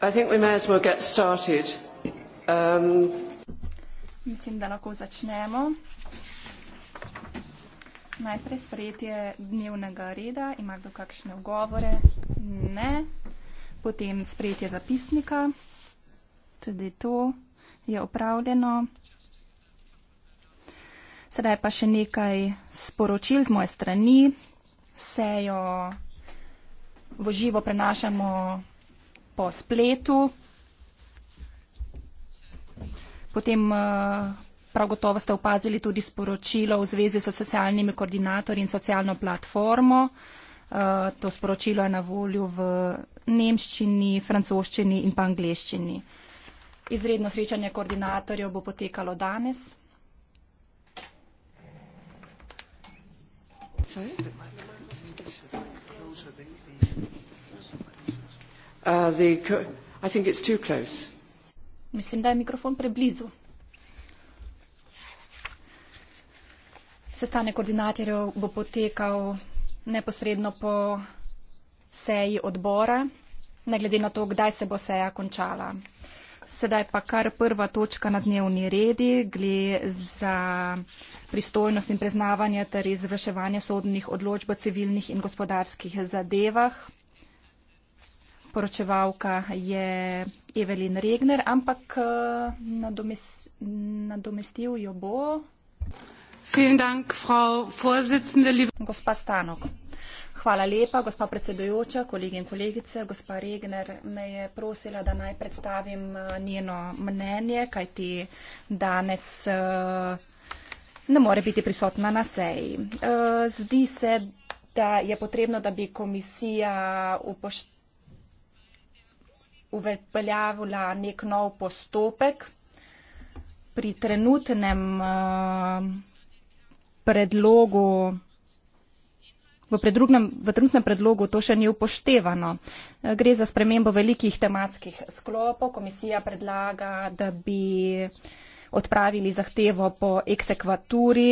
I think we may as well get started. Um... Mislim, da lahko začnemo. Najprej sprejetje dnevnega reda. Ima kdo kakšne ugovore? Ne. Potem sprejetje zapisnika. Tudi to je opravljeno. Sedaj pa še nekaj sporočil z moje strani. Sejo v živo prenašamo po spletu. Potem eh, prav gotovo ste opazili tudi sporočilo v zvezi s so socialnimi koordinatorji in socialno platformo. Eh, to sporočilo je na volju v nemščini, francoščini in pa angliščini. Izredno srečanje koordinatorjev bo potekalo danes. Sorry. Uh, mislim da je mikrofon preblizu sestanek koordinatorjev bo potekal neposredno po seji odbora ne glede na to kdaj se bo seja končala sedaj pa kar prva točka na dnevni redi gre za pristojnost in priznavanje ter izvrševanje sodnih odločb o civilnih in gospodarskih zadevah poročevalka je Evelin Regner, ampak eh, nadomes, nadomestil jo bo. Dank, gospa Stanok. Hvala lepa, gospa predsedojoča, kolegi in kolegice. Gospa Regner me je prosila, da naj predstavim eh, njeno mnenje, kajti danes eh, ne more biti prisotna na seji. Zdi se, da je potrebno, da bi komisija upoštevala uveljavila nek nov postopek pri trenutnem eh, predlogu. V, v trenutnem predlogu to še ni upoštevano. Eh, gre za spremembo velikih tematskih sklopov. Komisija predlaga, da bi odpravili zahtevo po eksekvaturi,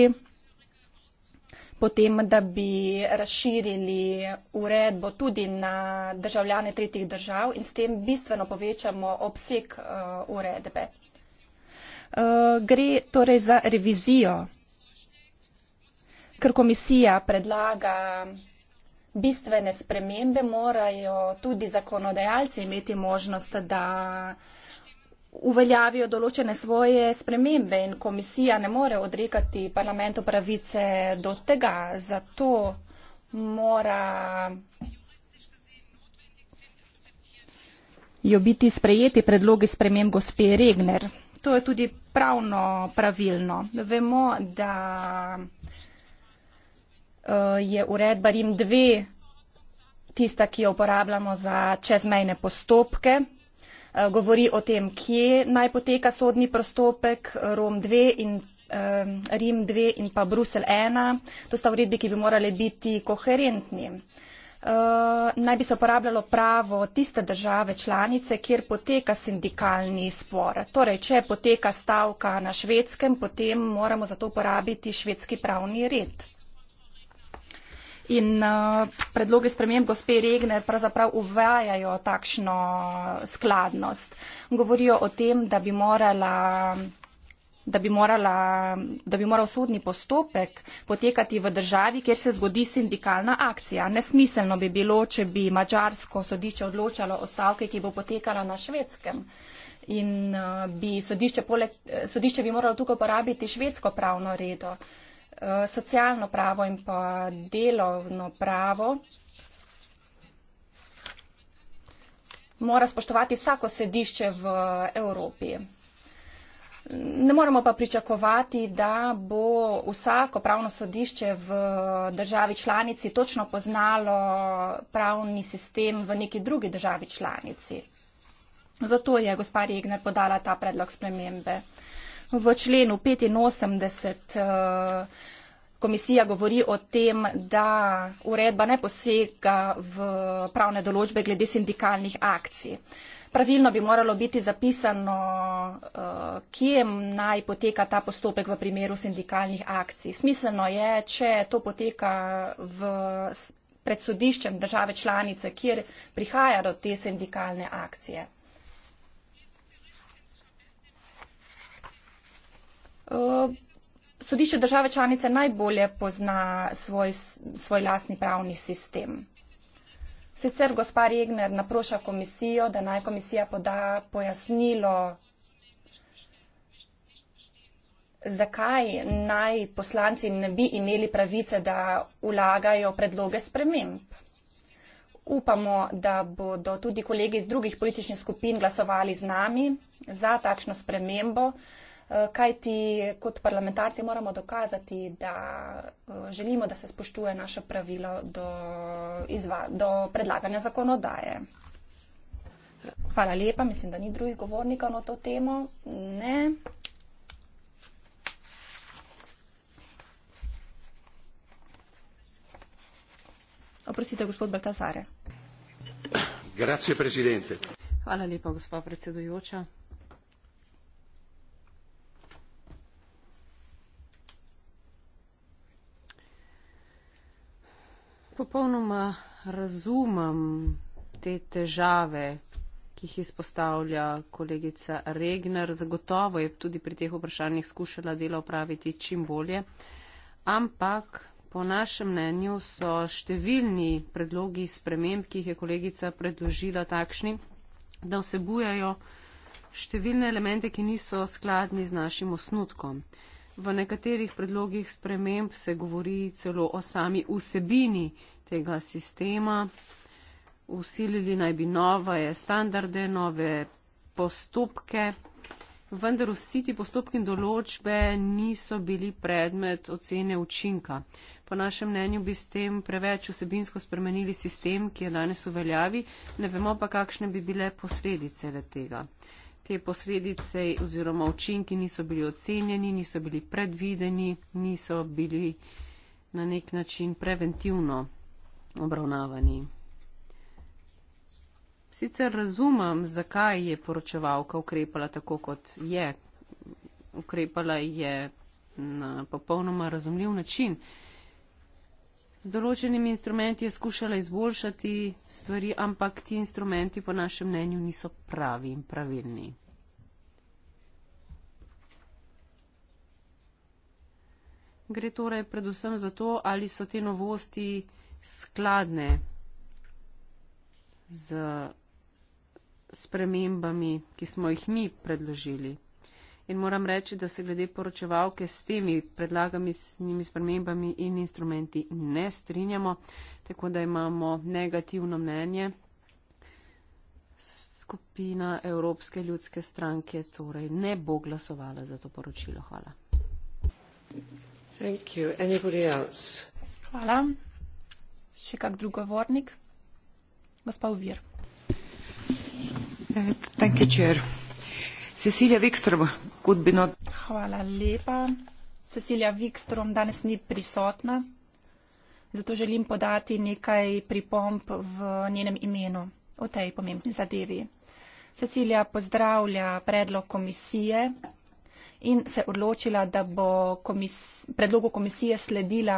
potem, da bi razširili uredbo tudi na državljane tretjih držav in s tem bistveno povečamo obseg uh, uredbe. Uh, gre torej za revizijo, ker komisija predlaga bistvene spremembe, morajo tudi zakonodajalci imeti možnost, da uh, uveljavijo določene svoje spremembe in komisija ne more odrekati parlamentu pravice do tega. Zato mora jo biti sprejeti predlogi sprememb gospe Regner. To je tudi pravno pravilno. Vemo, da eh, je uredba Rim 2 tista, ki jo uporabljamo za čezmejne postopke. Eh, govori o tem, kje naj poteka sodni prostopek Rom 2 in eh, Rim 2 in pa Brusel 1. To sta uredbi, ki bi morali biti koherentni. Eh, naj bi se uporabljalo pravo tiste države članice, kjer poteka sindikalni spor. Torej, če poteka stavka na švedskem, potem moramo za to uporabiti švedski pravni red. In uh, predloge sprememb gospe Regner pravzaprav uvajajo takšno skladnost. Govorijo o tem, da bi morala da bi, morala, da bi moral sodni postopek potekati v državi, kjer se zgodi sindikalna akcija. Nesmiselno bi bilo, če bi mačarsko sodišče odločalo o stavke, ki bo potekala na švedskem. In uh, bi sodišče, poleg, sodišče bi moralo tukaj uporabiti švedsko pravno redo. Uh, Eh, socialno pravo in pa delovno pravo mora spoštovati vsako sedišče v Evropi. Ne moremo pa pričakovati, da bo vsako pravno sodišče v državi članici točno poznalo pravni sistem v neki drugi državi članici. Zato je gospa Regner podala ta predlog spremembe. V členu 85 eh, komisija govori o tem, da uredba ne posega v pravne določbe glede sindikalnih akcij. Pravilno bi moralo biti zapisano, eh, kje naj poteka ta postopek v primeru sindikalnih akcij. Smiselno je, če to poteka v pred sodiščem države članice, kjer prihaja do te sindikalne akcije. Eh, sodišče države članice najbolje pozna svoj, svoj lastni pravni sistem. Sicer gospa Regner naproša komisijo, da naj komisija poda pojasnilo, zakaj naj poslanci ne bi imeli pravice, da ulagajo predloge sprememb. Upamo, da bodo tudi kolegi iz drugih političnih skupin glasovali z nami za takšno spremembo, Eh, kaj ti kot parlamentarci moramo dokazati, da eh, želimo, da se spoštuje naše pravilo do, izva, do predlaganja zakonodaje. Hvala lepa, mislim, da ni drugih govornikov na to temo. Ne. Oprostite, gospod Baltazare. Grazie, Hvala lepa, gospod predsedujoča. popolnoma razumem te težave, ki jih izpostavlja kolegica Regner. Zagotovo je tudi pri teh vprašanjih skušala delo upraviti čim bolje. Ampak po našem mnenju so številni predlogi sprememb, ki jih je kolegica predložila, takšni, da vsebujajo številne elemente, ki niso skladni z našim osnutkom. V nekaterih predlogih sprememb se govori celo o sami vsebini tega sistema. Usilili naj bi nove standarde, nove postopke, vendar vsi ti postopki in določbe niso bili predmet ocene učinka. Po našem mnenju bi s tem preveč vsebinsko spremenili sistem, ki je danes v veljavi, ne vemo pa, kakšne bi bile posledice le tega te posledice oziroma učinki niso bili ocenjeni, niso bili predvideni, niso bili na nek način preventivno obravnavani. Sicer razumem, zakaj je poročevalka ukrepala tako, kot je. Ukrepala je na popolnoma razumljiv način z določenimi instrumenti je skušala izboljšati stvari, ampak ti instrumenti po našem mnenju niso pravi in pravilni. Gre torej predvsem za to, ali so te novosti skladne z spremembami, ki smo jih mi predložili in moram reči, da se glede poročevalke s temi predlagami spremembami in instrumenti ne strinjamo, tako da imamo negativno mnenje. Skupina Evropske ljudske stranke torej ne bo glasovala za to poročilo. Hvala. Hvala. Še kak drug govornik? Gospa Uvir. Thank you, Chair. Cecilija Vikstrom, kot bi not. Hvala lepa. Cecilija Vikstrom danes ni prisotna, zato želim podati nekaj pripomp v njenem imenu o tej pomembni zadevi. Cecilija pozdravlja predlog komisije in se odločila, da bo komis predlogu komisije sledila,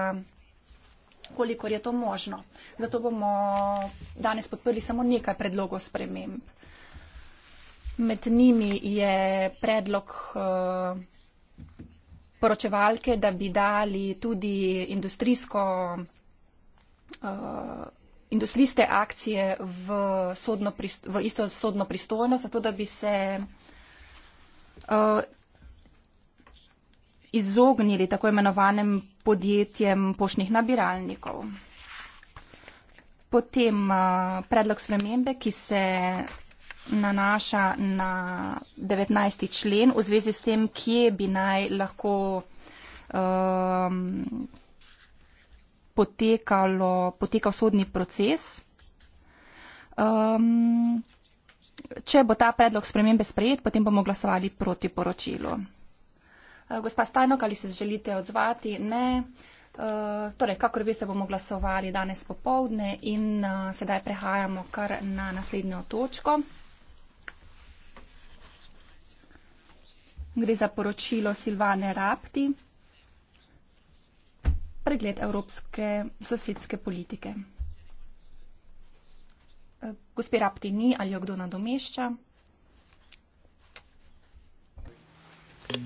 kolikor je to možno. Zato bomo danes podprli samo nekaj predlogov sprememb. Med njimi je predlog eh, poročevalke, da bi dali tudi industrijsko, eh, industrijske akcije v, sodno, v isto sodno pristojnost, zato da bi se eh, izognili tako imenovanem podjetjem poštnih nabiralnikov. Potem predlog spremembe, ki se nanaša na 19. člen v zvezi s tem, kje bi naj lahko um, potekalo, potekal sodni proces. Um, če bo ta predlog spremembe sprejet, potem bomo glasovali proti poročilu. Uh, gospa Stajnok, ali se želite odzvati? Ne. Uh, torej, kakor veste, bomo glasovali danes popovdne in uh, sedaj prehajamo kar na naslednjo točko. Gre za poročilo Silvane Rapti. Pregled evropske sosedske politike. Eh, gospe Rapti ni ali jo kdo nadomešča? Uh,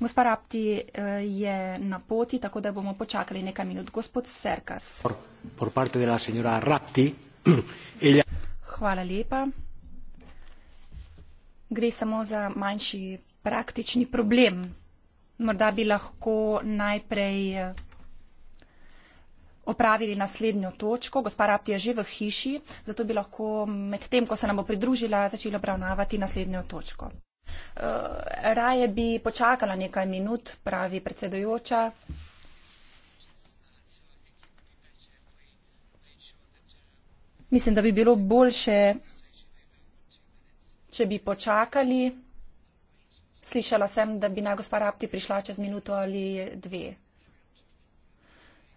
Gospa Rapti eh, je na poti, tako da bomo počakali nekaj minut. Gospod Serkas. Hvala lepa gre samo za manjši praktični problem. Morda bi lahko najprej eh, opravili naslednjo točko. Gospa Rapti je že v hiši, zato bi lahko med tem, ko se nam bo pridružila, začela obravnavati naslednjo točko. Uh, raje bi počakala nekaj minut, pravi predsedojoča. Mislim, da bi bilo boljše, če bi počakali, slišala sem, da bi naj gospa Rapti prišla čez minuto ali dve.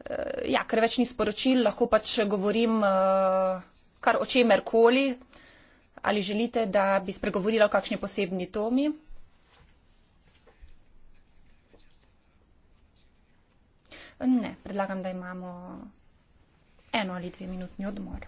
Eh, ja, ker več ni sporočil, lahko pač govorim eh, kar o čemerkoli. Ali želite, da bi spregovorila o kakšni posebni tomi? Ne, predlagam, da imamo eno ali dve minutni odmor.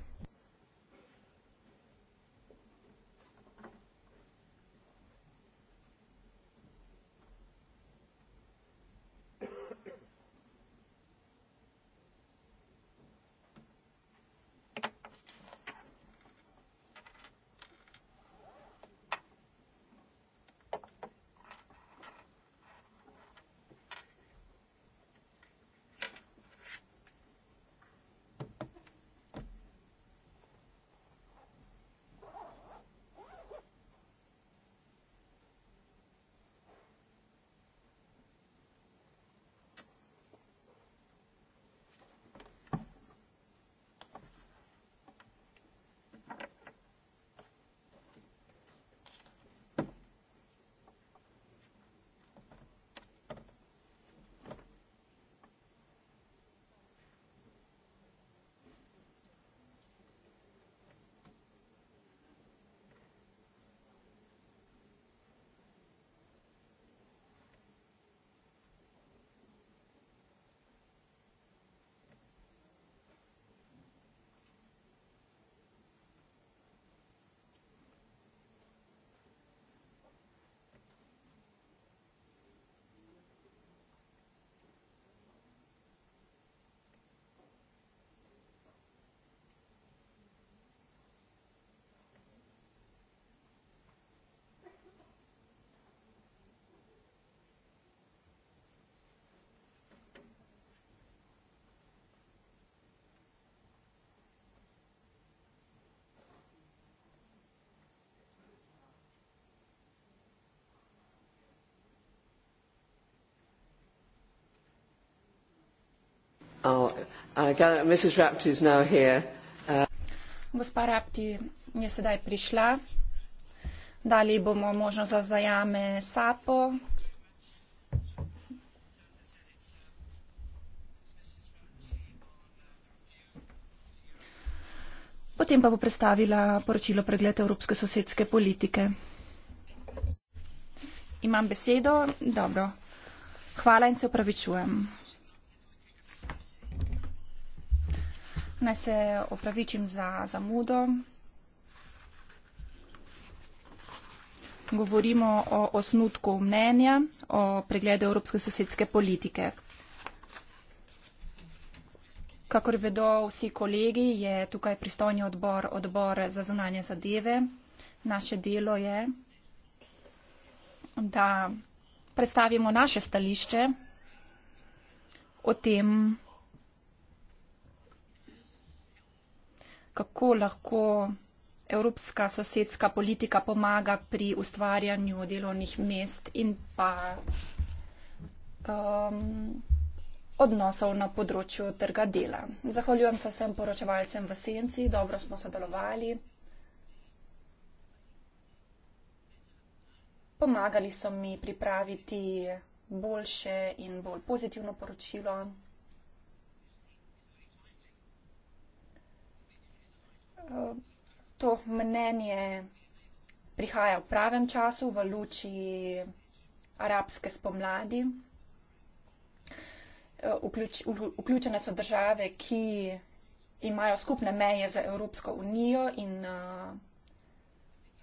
Oh, uh, Gospa Rapti je sedaj prišla. Dali bomo možnost za zajame Sapo. Potem pa bo predstavila poročilo pregled Evropske sosedske politike. Imam besedo? Dobro. Hvala in se opravičujem. Naj se opravičim za zamudo. Govorimo o osnutku mnenja o pregledu evropske sosedske politike. Kakor vedo vsi kolegi, je tukaj pristojni odbor, odbor za zunanje zadeve. Naše delo je, da predstavimo naše stališče o tem, kako lahko evropska sosedska politika pomaga pri ustvarjanju delovnih mest in pa um, odnosov na področju trga dela. Zahvaljujem se vsem poročevalcem v senci, dobro smo sodelovali. Pomagali so mi pripraviti boljše in bolj pozitivno poročilo. to mnenje prihaja v pravem času, v luči arabske spomladi. Eh, vključ, vključene so države, ki imajo skupne meje za Evropsko unijo in eh,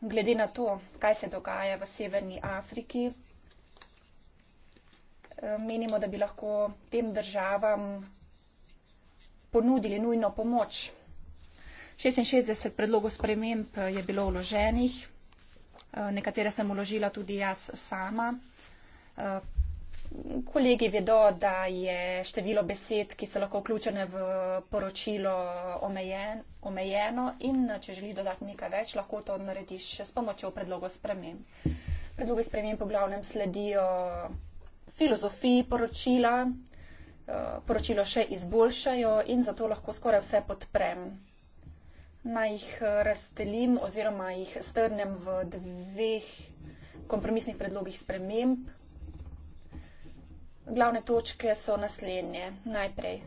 glede na to, kaj se dogaja v Severni Afriki, eh, menimo, da bi lahko tem državam ponudili nujno pomoč. 66 predlogov sprememb eh, je bilo vloženih, eh, nekatere sem vložila tudi jaz sama. Eh, kolegi vedo, da je število besed, ki so lahko vključene v poročilo, omejen, omejeno in če želi dodati nekaj več, lahko to narediš s pomočjo predlogov sprememb. Predlogi sprememb v glavnem sledijo filozofiji poročila, poročilo še izboljšajo in zato lahko skoraj vse podprem naj jih eh, razdelim oziroma jih strnem v dveh kompromisnih predlogih sprememb. Glavne točke so naslednje. Najprej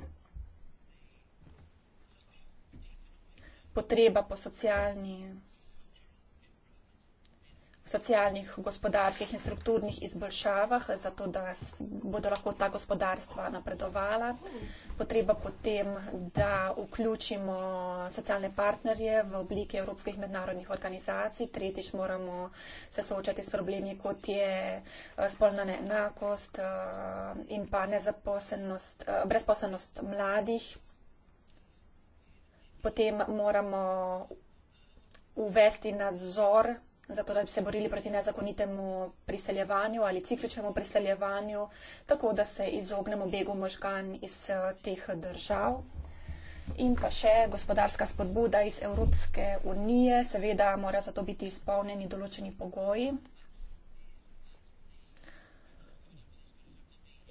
potreba po socialni socialnih, gospodarskih in strukturnih izboljšavah, zato da bodo lahko ta gospodarstva napredovala. Potreba potem, da vključimo socialne partnerje v obliki evropskih mednarodnih organizacij. Tretjič moramo se soočati s problemi, kot je eh, spolna neenakost eh, in pa nezaposlenost, eh, brezposlenost mladih. Potem moramo uvesti nadzor zato da bi se borili proti nezakonitemu priseljevanju ali cikličnemu priseljevanju, tako da se izognemo begu možgan iz eh, teh držav. In pa še gospodarska spodbuda iz Evropske unije, seveda mora za to biti izpolnjeni določeni pogoji.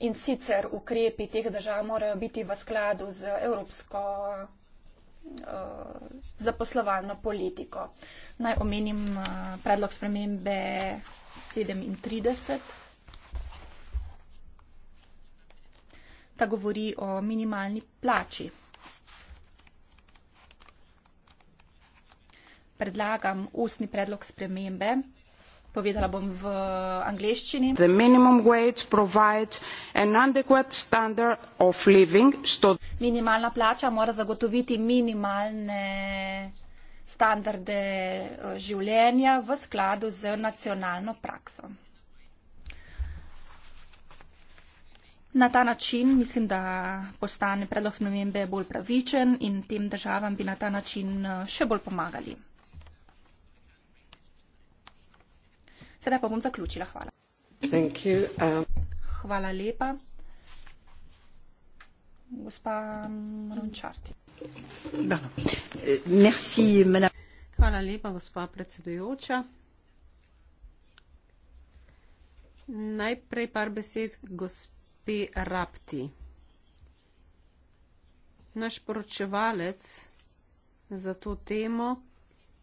In sicer ukrepi teh držav morajo biti v skladu z evropsko uh, zaposlovalno politiko. Uh, Naj omenim eh, predlog spremembe 37. Ta govori o minimalni plači. Predlagam ustni predlog spremembe. Povedala bom v eh, angleščini. The minimum wage provides an adequate standard of living. Sto... Minimalna plača mora zagotoviti minimalne standarde eh, življenja v skladu z nacionalno prakso. Na ta način mislim, da postane predlog spremembe bolj pravičen in tem državam bi na ta način eh, še bolj pomagali. Sedaj pa bom zaključila. Hvala. Thank you, um... Hvala lepa. Gospa Rončarti. Da. No. Euh, merci, madame. Hvala lepa, gospa predsedujoča. Najprej par besed gospe Rapti. Naš poročevalec za to temo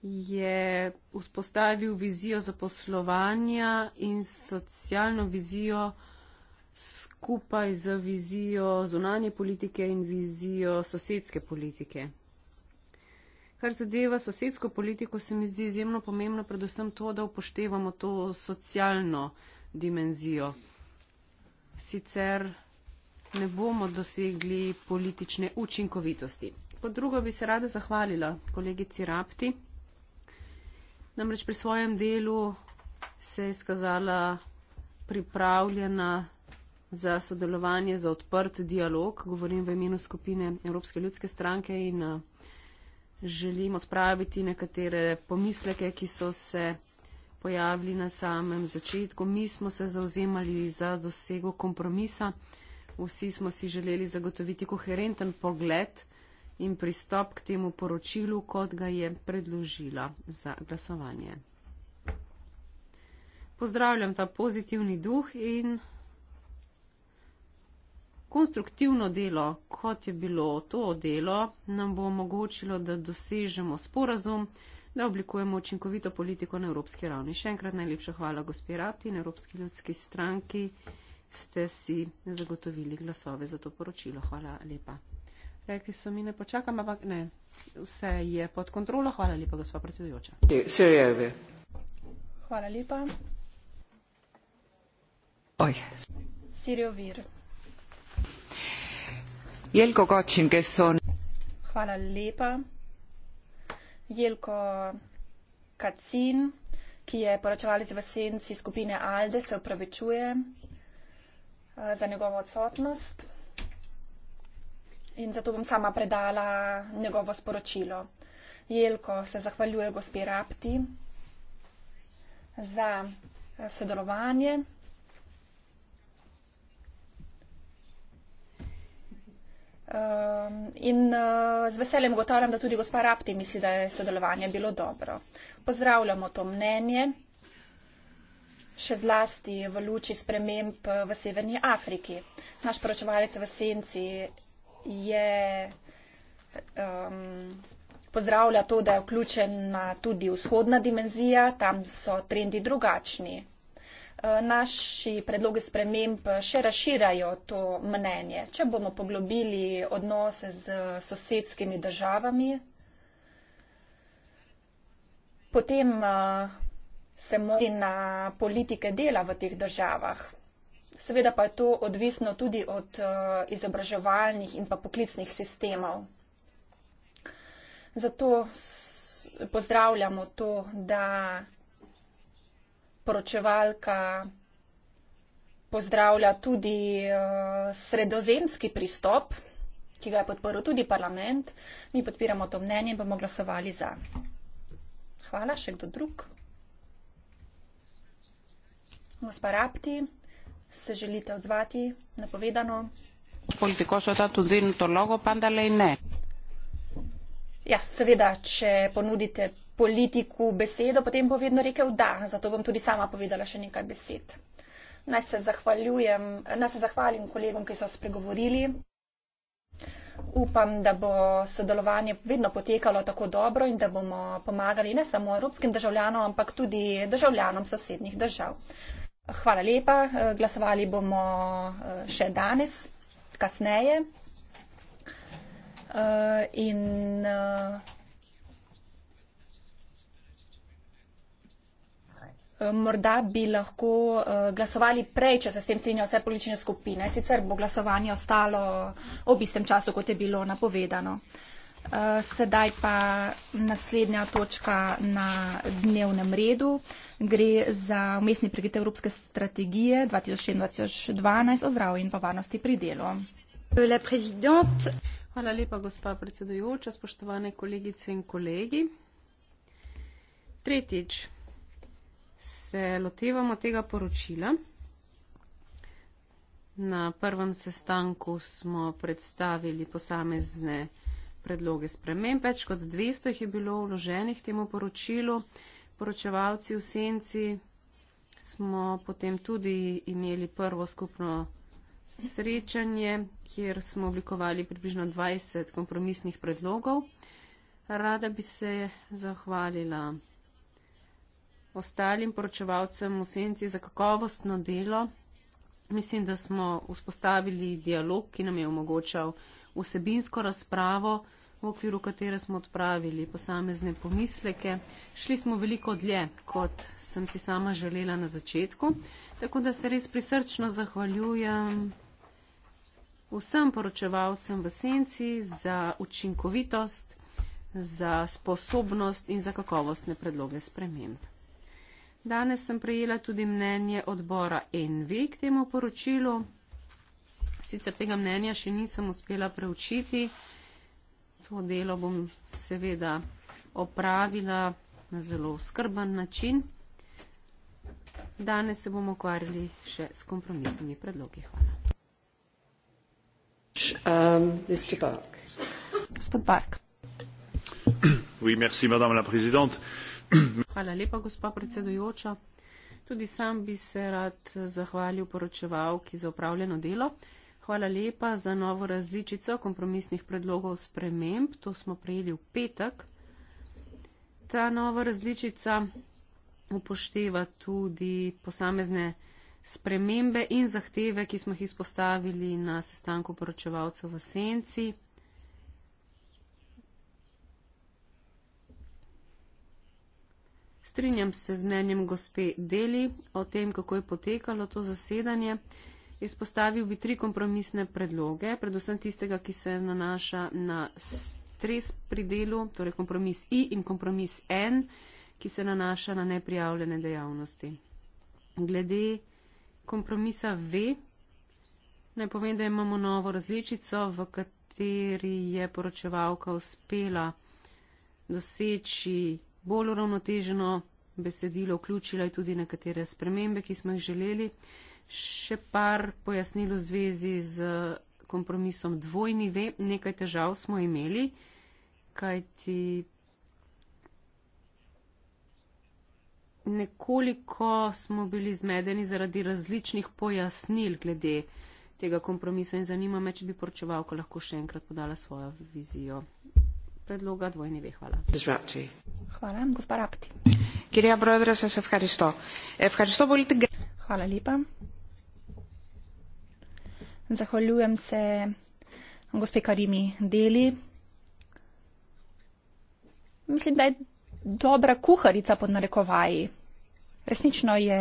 je vzpostavil vizijo zaposlovanja in socialno vizijo skupaj z vizijo zunanje politike in vizijo sosedske politike kar zadeva sosedsko politiko, se mi zdi izjemno pomembno predvsem to, da upoštevamo to socialno dimenzijo. Sicer ne bomo dosegli politične učinkovitosti. Po drugo bi se rada zahvalila kolegici Rapti. Namreč pri svojem delu se je skazala pripravljena za sodelovanje, za odprt dialog, govorim v imenu skupine Evropske ljudske stranke in uh, želim odpraviti nekatere pomisleke, ki so se pojavili na samem začetku. Mi smo se zauzemali za dosego kompromisa, vsi smo si želeli zagotoviti koherenten pogled in pristop k temu poročilu, kot ga je predložila za glasovanje. Pozdravljam ta pozitivni duh in konstruktivno delo, kot je bilo to delo, nam bo omogočilo, da dosežemo sporazum, da oblikujemo učinkovito politiko na evropski ravni. Še enkrat najlepša hvala, gospe Rati, na Evropski ljudski stranki ste si zagotovili glasove za to poročilo. Hvala lepa. Rekli so mi, ne počakam, ampak ne, vse je pod kontrolo. Hvala lepa, gospa predsedujoča. Hvala lepa. Oj. Sirio Vir. Jelko Gočin, kes on. Hvala lepa. Jelko Kacin, ki je poročevalec v senci skupine Alde, se upravičuje eh, za njegovo odsotnost in zato bom sama predala njegovo sporočilo. Jelko se zahvaljuje gospi Rapti za eh, sodelovanje. Um, in uh, z veseljem ugotavljam, da tudi gospa Rapti misli, da je sodelovanje bilo dobro. Pozdravljamo to mnenje, še zlasti v luči sprememb eh, v Severni Afriki. Naš poročevalec v Senci je um, pozdravlja to, da je vključena tudi vzhodna dimenzija, tam so trendi drugačni. Eh, naši predlogi sprememb še razširajo to mnenje. Če bomo poglobili odnose z sosedskimi državami, potem eh, se mora na politike dela v teh državah. Seveda pa je to odvisno tudi od eh, izobraževalnih in pa poklicnih sistemov. Zato pozdravljamo to, da poročevalka pozdravlja tudi eh, sredozemski pristop, ki ga je podporil tudi parlament. Mi podpiramo to mnenje in bomo glasovali za. Hvala, še kdo drug? Gospa Rapti, se želite odzvati na povedano? Ja, seveda, če ponudite politiku besedo, potem bo vedno rekel da. Zato bom tudi sama povedala še nekaj besed. Naj se, naj se zahvalim kolegom, ki so spregovorili. Upam, da bo sodelovanje vedno potekalo tako dobro in da bomo pomagali ne samo evropskim državljanom, ampak tudi državljanom sosednjih držav. Hvala lepa. Glasovali bomo eh, še danes, kasneje. Eh, in, uh... morda bi lahko eh, glasovali prej, če se s tem strinjajo vse politične skupine, sicer bo glasovanje ostalo ob istem času, kot je bilo napovedano. Eh, sedaj pa naslednja točka na dnevnem redu. Gre za umestni pregled Evropske strategije 2006-2012 o zdravju in pa varnosti pri delu. Hvala lepa, gospa predsedujoča, spoštovane kolegice in kolegi. Tretjič, se lotevamo tega poročila. Na prvem sestanku smo predstavili posamezne predloge sprememb. Več kot 200 jih je bilo vloženih temu poročilu. Poročevalci v senci smo potem tudi imeli prvo skupno srečanje, kjer smo oblikovali približno 20 kompromisnih predlogov. Rada bi se zahvalila ostalim poročevalcem v senci za kakovostno delo. Mislim, da smo vzpostavili dialog, ki nam je omogočal vsebinsko razpravo, v okviru katere smo odpravili posamezne pomisleke. Šli smo veliko dlje, kot sem si sama želela na začetku. Tako da se res prisrčno zahvaljujem vsem poročevalcem v senci za učinkovitost, za sposobnost in za kakovostne predloge sprememb. Danes sem prejela tudi mnenje odbora Envi k temu poročilu. Sicer tega mnenja še nisem uspela preučiti. To delo bom seveda opravila na zelo skrben način. Danes se bomo ukvarjali še s kompromisnimi predlogi. Hvala. Um, Gospod um, Park. Oui, merci, madame la présidente. Hvala lepa, gospa predsedujoča. Tudi sam bi se rad zahvalil poročevalki za upravljeno delo. Hvala lepa za novo različico kompromisnih predlogov sprememb. To smo prejeli v petek. Ta nova različica upošteva tudi posamezne spremembe in zahteve, ki smo jih izpostavili na sestanku poročevalcev v Senci. strinjam se z mnenjem gospe Deli o tem, kako je potekalo to zasedanje. Izpostavil bi tri kompromisne predloge, predvsem tistega, ki se nanaša na stres pri delu, torej kompromis I in kompromis N, ki se nanaša na neprijavljene dejavnosti. Glede kompromisa V, naj povem, da imamo novo različico, v kateri je poročevalka uspela doseči bolj uravnoteženo besedilo, vključila je tudi nekatere spremembe, ki smo jih želeli. Še par pojasnil v zvezi z kompromisom dvojni ve, nekaj težav smo imeli, kajti nekoliko smo bili zmedeni zaradi različnih pojasnil glede tega kompromisa in zanima me, če bi poročevalka lahko še enkrat podala svojo vizijo predloga dvojni ve. Hvala. Disrupti. Hvala. Gospa Rapti. Κυρία Πρόεδρε, σας ευχαριστώ. Ευχαριστώ πολύ την Hvala lepa. Zahvaljujem se gospe Karimi Deli. Mislim, da je dobra kuharica pod narekovaji. Resnično je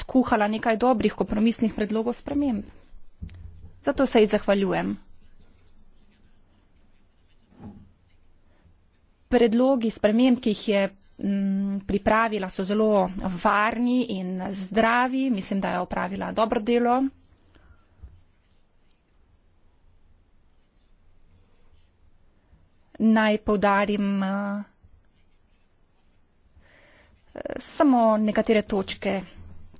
skuhala nekaj dobrih kompromisnih predlogov sprememb. Zato se ji zahvaljujem. predlogi sprememb, ki jih je mm, pripravila, so zelo varni in zdravi. Mislim, da je opravila dobro delo. Naj povdarim eh, samo nekatere točke,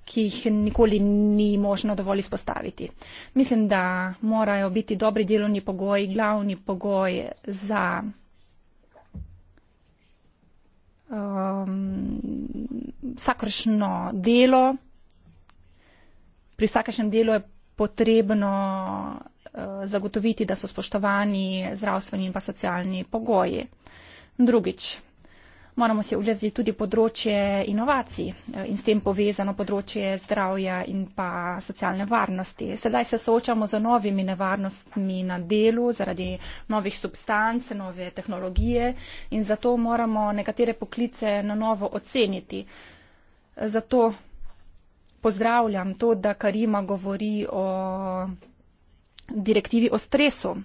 ki jih nikoli ni možno dovolj izpostaviti. Mislim, da morajo biti dobri delovni pogoji glavni pogoj za um, vsakršno delo. Pri vsakršnem delu je potrebno uh, zagotoviti, da so spoštovani zdravstveni in pa socialni pogoji. Drugič, moramo si ogledati tudi področje inovacij eh, in s tem povezano področje zdravja in pa socialne varnosti. Sedaj se soočamo z novimi nevarnostmi na delu zaradi novih substanc, nove tehnologije in zato moramo nekatere poklice na novo oceniti. Zato pozdravljam to, da Karima govori o direktivi o stresu.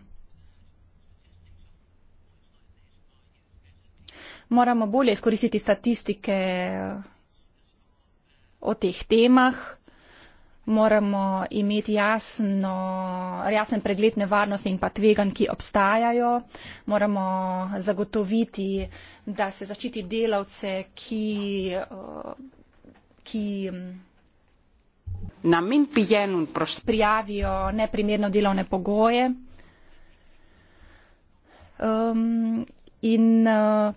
moramo bolje izkoristiti statistike o teh temah, moramo imeti jasno, jasen pregled nevarnosti in pa tveganj, ki obstajajo, moramo zagotoviti, da se zaščiti delavce, ki, ki Namen pijenun prošt. Prijavijo neprimerno delovne pogoje. Um, in uh,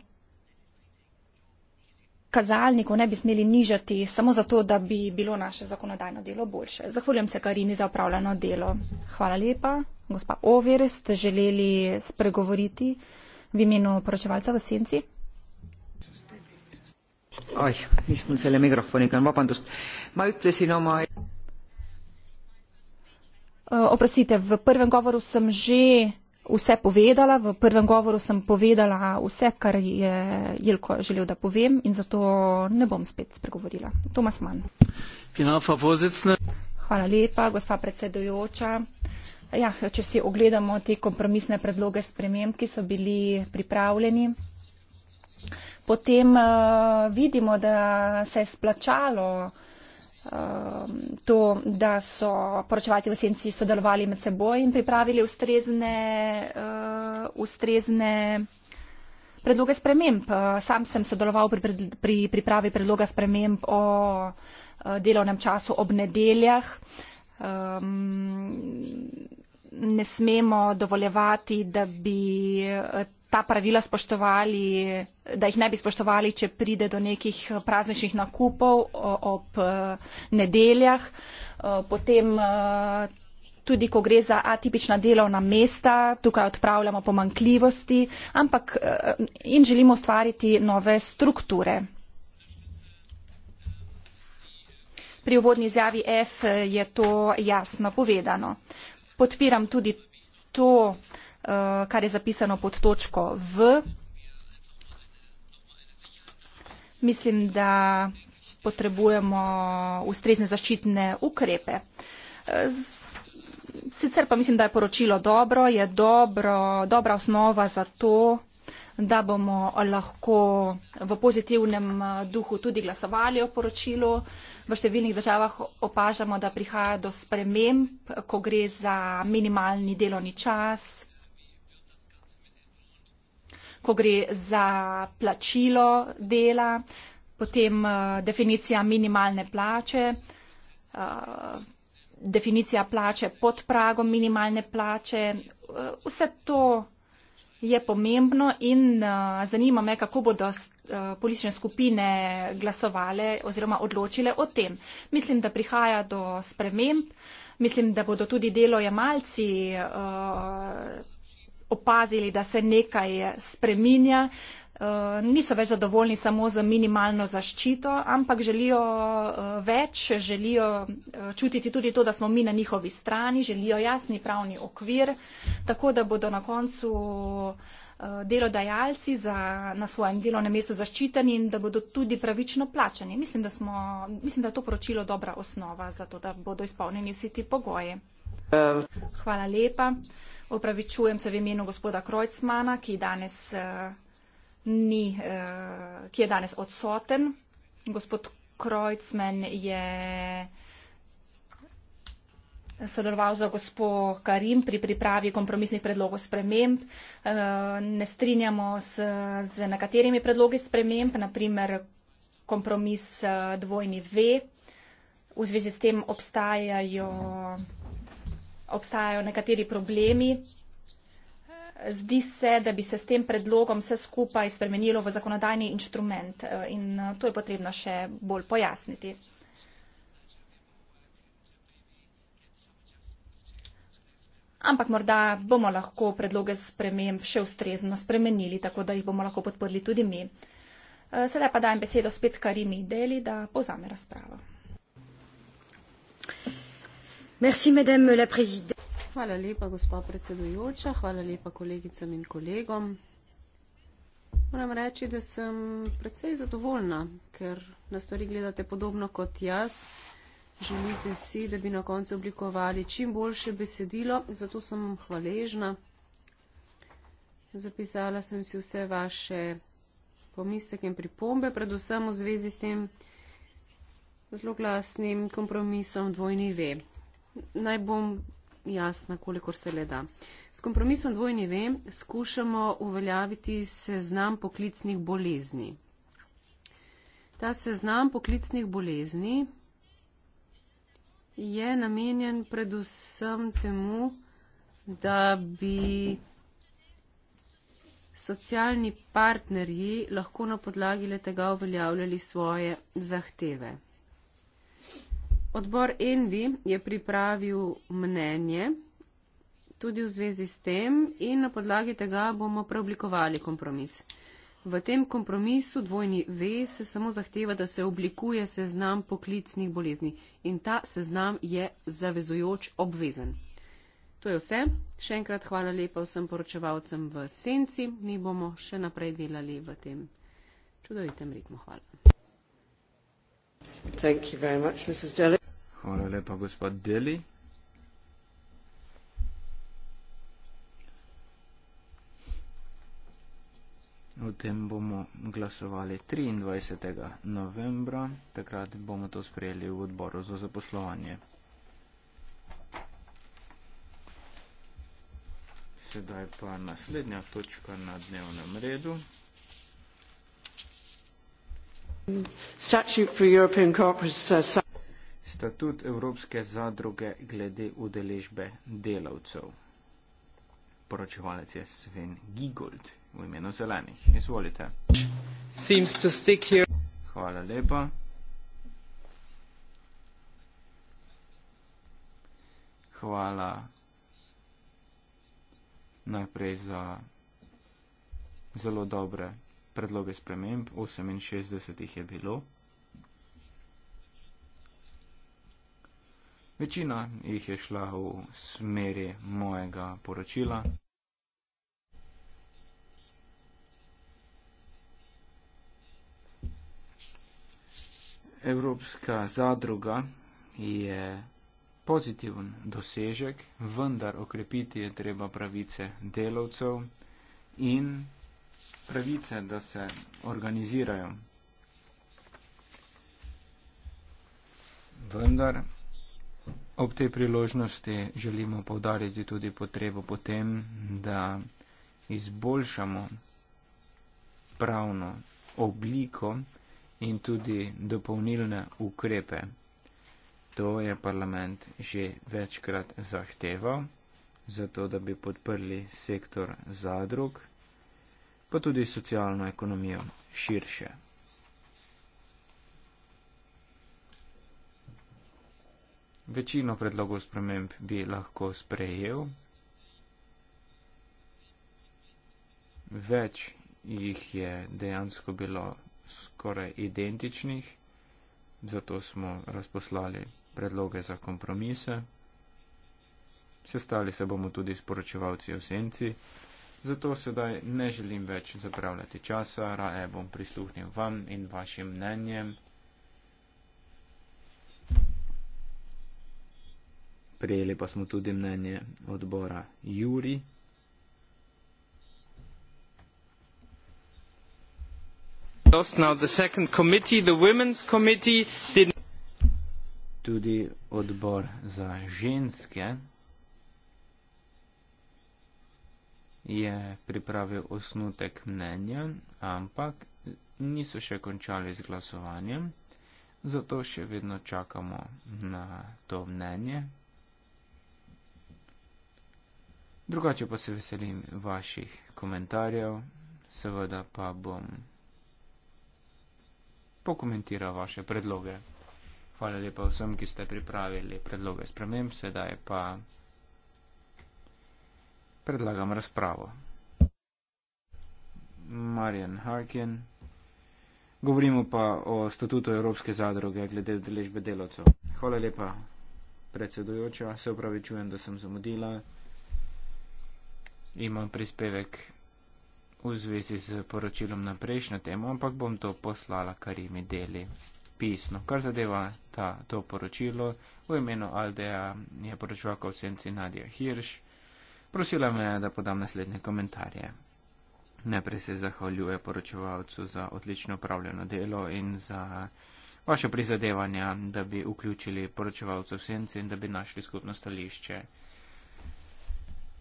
kazalnikov ne bi smeli nižati samo zato, da bi bilo naše zakonodajno delo boljše. Zahvaljujem se Karini za upravljeno delo. Hvala lepa. Gospa Over, ste želeli spregovoriti v imenu poročevalca v Senci? Oj, nismo selle mikrofoniga, vabandust. Ma ütlesin oma... Oprostite, v prvem govoru sem že vse povedala. V prvem govoru sem povedala vse, kar je Jelko želel, da povem in zato ne bom spet spregovorila. Tomas Mann. Ja, Hvala lepa, gospa predsedujoča. Ja, če si ogledamo te kompromisne predloge sprememb, ki so bili pripravljeni, potem uh, vidimo, da se je splačalo uh, Um, to, da so poročevalci v senci sodelovali med seboj in pripravili ustrezne, uh, ustrezne predloge sprememb. Uh, sam sem sodeloval pri, pri pripravi predloga sprememb o uh, delovnem času ob nedeljah. Um, ne smemo dovoljevati, da bi. Uh, ta pravila spoštovali, da jih ne bi spoštovali, če pride do nekih prazničnih nakupov ob nedeljah. Potem tudi, ko gre za atipična delovna mesta, tukaj odpravljamo pomankljivosti ampak, in želimo ustvariti nove strukture. Pri uvodni izjavi F je to jasno povedano. Podpiram tudi to, Eh, kar je zapisano pod točko V. Mislim, da potrebujemo ustrezne zaščitne ukrepe. Eh, sicer pa mislim, da je poročilo dobro, je dobro, dobra osnova za to, da bomo lahko v pozitivnem eh, duhu tudi glasovali o poročilu. V številnih državah opažamo, da prihaja do sprememb, ko gre za minimalni delovni čas, ko gre za plačilo dela, potem uh, definicija minimalne plače, uh, definicija plače pod pragom minimalne plače. Uh, vse to je pomembno in uh, zanima me, kako bodo uh, politične skupine glasovale oziroma odločile o tem. Mislim, da prihaja do sprememb. Mislim, da bodo tudi delojemalci. Uh, opazili, da se nekaj spreminja. Eh, niso več zadovoljni samo z minimalno zaščito, ampak želijo eh, več, želijo eh, čutiti tudi to, da smo mi na njihovi strani, želijo jasni pravni okvir, tako da bodo na koncu delodajalci za, na svojem delovnem mestu zaščiteni in da bodo tudi pravično plačani. Mislim da, smo, mislim, da je to poročilo dobra osnova za to, da bodo izpolnjeni vsi ti pogoji. Hvala lepa. Opravičujem se v imenu gospoda Krojcmana, ki danes uh, ni, uh, ki je danes odsoten. Gospod Krojcman je eh, sodeloval za gospo Karim pri pripravi kompromisnih predlogov sprememb. Ne strinjamo s, z nekaterimi predlogi sprememb, naprimer kompromis dvojni V. V zvezi s tem obstajajo obstajajo nekateri problemi. Zdi se, da bi se s tem predlogom vse skupaj spremenilo v zakonodajni inštrument eh, in eh, to je potrebno še bolj pojasniti. Ampak morda bomo lahko predloge sprememb še ustrezno spremenili, tako da jih bomo lahko podprli tudi mi. Eh, sedaj pa dajem besedo spet Karimi Deli, da povzame razpravo. Hvala lepa, gospod predsedujoča. Hvala lepa kolegicam in kolegom. Moram reči, da sem predvsej zadovoljna, ker na stvari gledate podobno kot jaz. Želite si, da bi na koncu oblikovali čim boljše besedilo, zato sem hvaležna. Zapisala sem si vse vaše pomislek in pripombe, predvsem v zvezi s tem zloglasnim kompromisom dvojni ve naj bom jasna, kolikor se le da. S kompromisom dvojni ve skušamo uveljaviti seznam poklicnih bolezni. Ta seznam poklicnih bolezni je namenjen predvsem temu, da bi socialni partnerji lahko na podlagi tega uveljavljali svoje zahteve. Odbor Envi je pripravil mnenje tudi v zvezi s tem in na podlagi tega bomo preoblikovali kompromis. V tem kompromisu dvojni V se samo zahteva, da se oblikuje seznam poklicnih bolezni in ta seznam je zavezujoč obvezen. To je vse. Še enkrat hvala lepa vsem poročevalcem v Senci. Mi bomo še naprej delali v tem čudovitem ritmu. Hvala. Hvala lepa, gospod Deli. O tem bomo glasovali 23. novembra, takrat bomo to sprejeli v odboru za zaposlovanje. Sedaj pa naslednja točka na dnevnem redu. Statut Evropske zadruge glede udeležbe delavcev. Poročevalec je Sven Gigold v imenu zelenih. Izvolite. Hvala lepa. Hvala najprej za zelo dobre predloge sprememb, 68 jih je bilo. Večina jih je šla v smeri mojega poročila. Evropska zadruga je pozitiven dosežek, vendar okrepiti je treba pravice delavcev in pravice, da se organizirajo. Vendar ob tej priložnosti želimo povdariti tudi potrebo potem, da izboljšamo pravno obliko in tudi dopolnilne ukrepe. To je parlament že večkrat zahteval, zato da bi podprli sektor zadrug pa tudi socialno ekonomijo širše. Večino predlogov sprememb bi lahko sprejel, več jih je dejansko bilo skoraj identičnih, zato smo razposlali predloge za kompromise. Sestali se bomo tudi s poročevalci v senci. Zato sedaj ne želim več zapravljati časa, raje bom prisluhnil vam in vašim mnenjem. Prijeli pa smo tudi mnenje odbora Juri. Tudi odbor za ženske. je pripravil osnutek mnenja, ampak niso še končali z glasovanjem, zato še vedno čakamo na to mnenje. Drugače pa se veselim vaših komentarjev, seveda pa bom pokomentiral vaše predloge. Hvala lepa vsem, ki ste pripravili predloge sprememb, sedaj pa predlagam razpravo. Marjan Harkin. Govorimo pa o statutu Evropske zadruge glede deležbe delavcev. Hvala lepa, predsedujoča. Se upravičujem, da sem zamudila. Imam prispevek v zvezi z poročilom na prejšnjo temo, ampak bom to poslala, kar jimi deli pisno. Kar zadeva ta, to poročilo, v imenu Aldeja je poročvaka v senci Nadja Hirš. Prosila me je, da podam naslednje komentarje. Najprej se zahvaljuje poročevalcu za odlično upravljeno delo in za vaše prizadevanja, da bi vključili poročevalce v senci in da bi našli skupno stališče.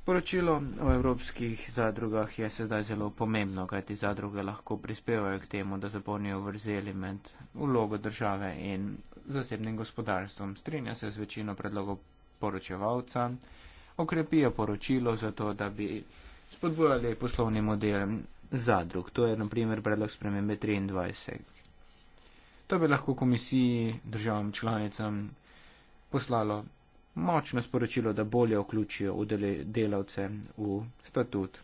Poročilo o evropskih zadrugah je sedaj zelo pomembno, kajti zadruge lahko prispevajo k temu, da zapolnijo vrzeli med vlogo države in zasebnim gospodarstvom. Strinja se z večino predlogov poročevalca okrepijo poročilo za to, da bi spodbujali poslovni model zadrug. To je na primer predlog spremembe 23. To bi lahko komisiji, državam članicam poslalo močno sporočilo, da bolje vključijo delavce v statut.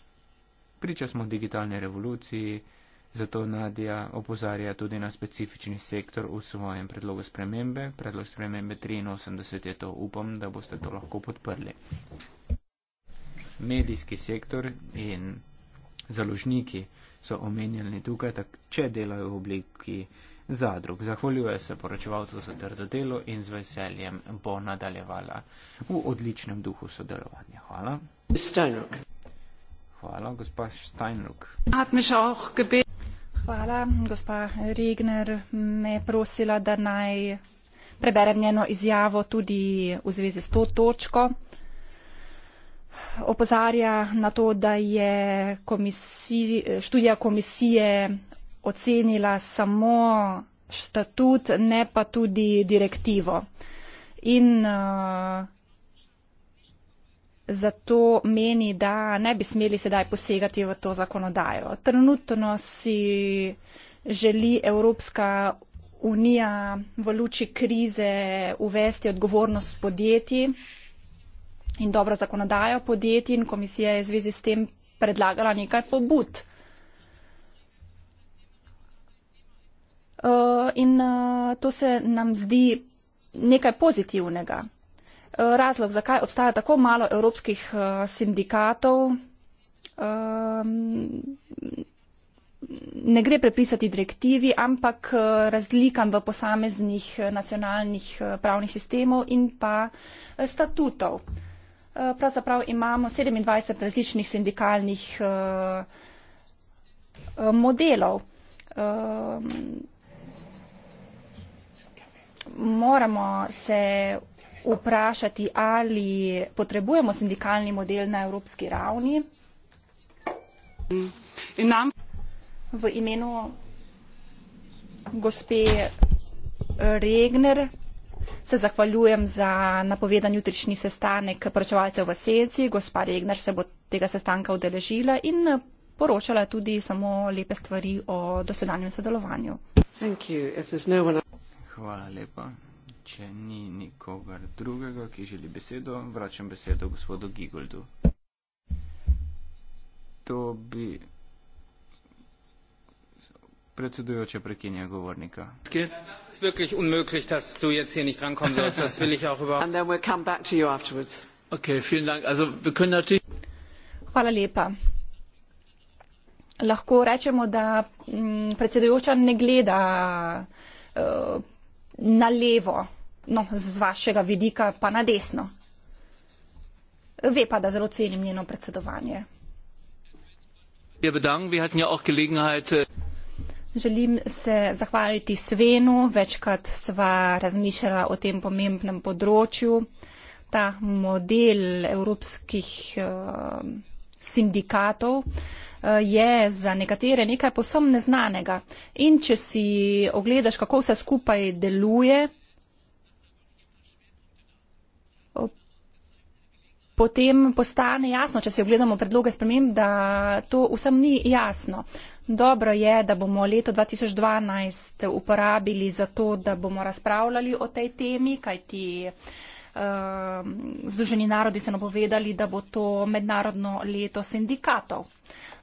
Priča smo digitalni revoluciji. Zato Nadija opozarja tudi na specifični sektor v svojem predlogu spremembe. Predlog spremembe 83 je to. Upam, da boste to lahko podprli. Medijski sektor in založniki so omenjeni tukaj, tak, če delajo v obliki zadrug. Zahvaljujem se poročevalcu za trdo delo in z veseljem bo nadaljevala v odličnem duhu sodelovanja. Hvala. Steinruck. Hvala, gospod Steinruck. Hvala. Gospa Regner me je prosila, da naj preberem njeno izjavo tudi v zvezi s to točko. Opozarja na to, da je komisij, študija komisije ocenila samo statut, ne pa tudi direktivo. In uh, zato meni, da ne bi smeli sedaj posegati v to zakonodajo. Trenutno si želi Evropska unija v luči krize uvesti odgovornost podjetij in dobro zakonodajo podjetij in komisija je v zvezi s tem predlagala nekaj pobud. Uh, in uh, to se nam zdi nekaj pozitivnega razlog, zakaj obstaja tako malo evropskih eh, sindikatov, ehm, ne gre prepisati direktivi, ampak eh, razlikam v posameznih eh, nacionalnih pravnih sistemov in pa statutov. Pravzaprav imamo 27 različnih sindikalnih modelov. Ehm, moramo se vprašati, ali potrebujemo sindikalni model na evropski ravni. In nam. V imenu gospe eh, Regner se zahvaljujem za napovedan jutrišnji sestanek pročevalcev v Senci. Gospa Regner se bo tega sestanka udeležila in eh, poročala tudi samo lepe stvari o dosedanjem sodelovanju. No one... Hvala lepa. Če ni nikogar drugega, ki želi besedo, vračam besedo gospodu Gigoldu. To bi. Predsedujoče prekinja govornika. Hvala lepa. Lahko rečemo, da mm, predsedujoča ne gleda. Uh, na levo, no, z vašega vidika pa na desno. Ve pa, da zelo cenim njeno predsedovanje. Ja äh, Želim se zahvaliti Svenu, večkrat sva razmišljala o tem pomembnem področju. Ta model evropskih uh, sindikatov uh, Eh, je za nekatere nekaj posebno neznanega. In če si ogledaš, kako vse skupaj deluje, potem postane jasno, če si ogledamo predloge sprememb, da to vsem ni jasno. Dobro je, da bomo leto 2012 uporabili za to, da bomo razpravljali o tej temi, kajti. Uh, Ehm, Združeni narodi so napovedali, da bo to mednarodno leto sindikatov.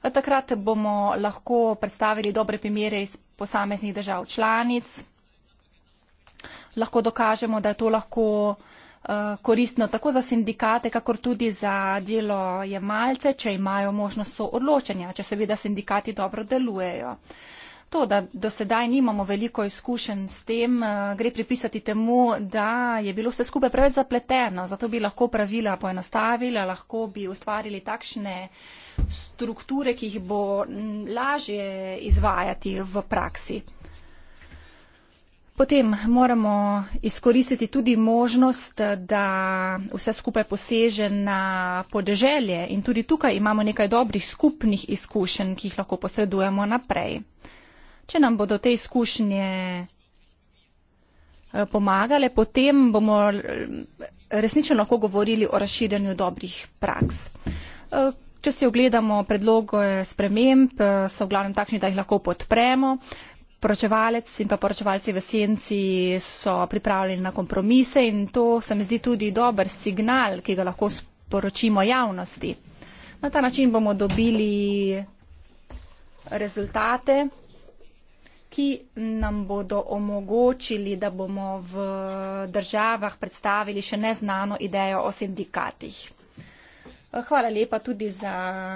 Takrat bomo lahko predstavili dobre primere iz posameznih držav članic, lahko dokažemo, da je to lahko eh, koristno tako za sindikate, kakor tudi za delo jemalce, če imajo možnost soodločanja, če seveda sindikati dobro delujejo. To, da do sedaj nimamo veliko izkušenj s tem, eh, gre pripisati temu, da je bilo vse skupaj preveč zapleteno, zato bi lahko pravila poenostavila, lahko bi ustvarili takšne strukture, ki jih bo mm, lažje izvajati v praksi. Potem moramo izkoristiti tudi možnost, da vse skupaj poseže na podeželje in tudi tukaj imamo nekaj dobrih skupnih izkušenj, ki jih lahko posredujemo naprej če nam bodo te izkušnje eh, pomagale, potem bomo eh, resnično lahko govorili o razširjanju dobrih praks. Eh, če si ogledamo predlog sprememb, so v glavnem takšni, da jih lahko podpremo. Poročevalec in pa poročevalci v senci so pripravljeni na kompromise in to se mi zdi tudi dober signal, ki ga lahko sporočimo javnosti. Na ta način bomo dobili rezultate ki nam bodo omogočili, da bomo v državah predstavili še neznano idejo o sindikatih. Hvala lepa tudi za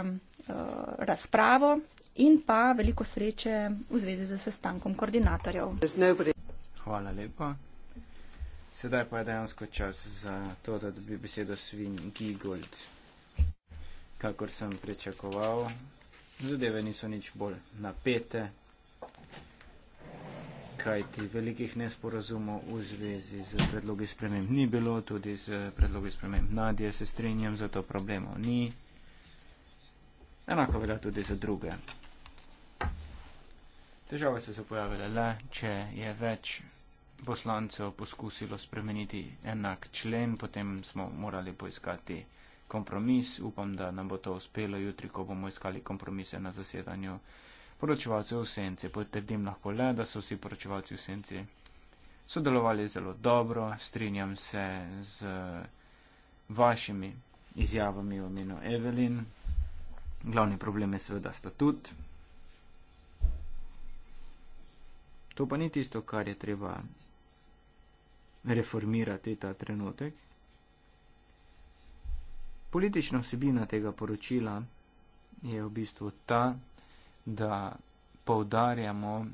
eh, razpravo in pa veliko sreče v zvezi z sestankom koordinatorjev. Hvala lepa. Sedaj pa je dejansko čas za to, da dobi besedo Svin Gigold. Kakor sem pričakoval, zadeve niso nič bolj napete kajti velikih nesporazumov v zvezi z predlogi sprememb ni bilo, tudi z predlogi sprememb nadje se strinjam, zato problemov ni. Enako velja tudi za druge. Težave so se pojavile le, če je več poslancev poskusilo spremeniti enak člen, potem smo morali poiskati kompromis. Upam, da nam bo to uspelo jutri, ko bomo iskali kompromise na zasedanju poročevalcev v senci. Potrdim lahko le, da so vsi poročevalci v senci sodelovali zelo dobro, strinjam se z vašimi izjavami o imenu Evelin. Glavni problem je seveda statut. To pa ni tisto, kar je treba reformirati ta trenutek. Politična vsebina tega poročila je v bistvu ta, da poudarjamo,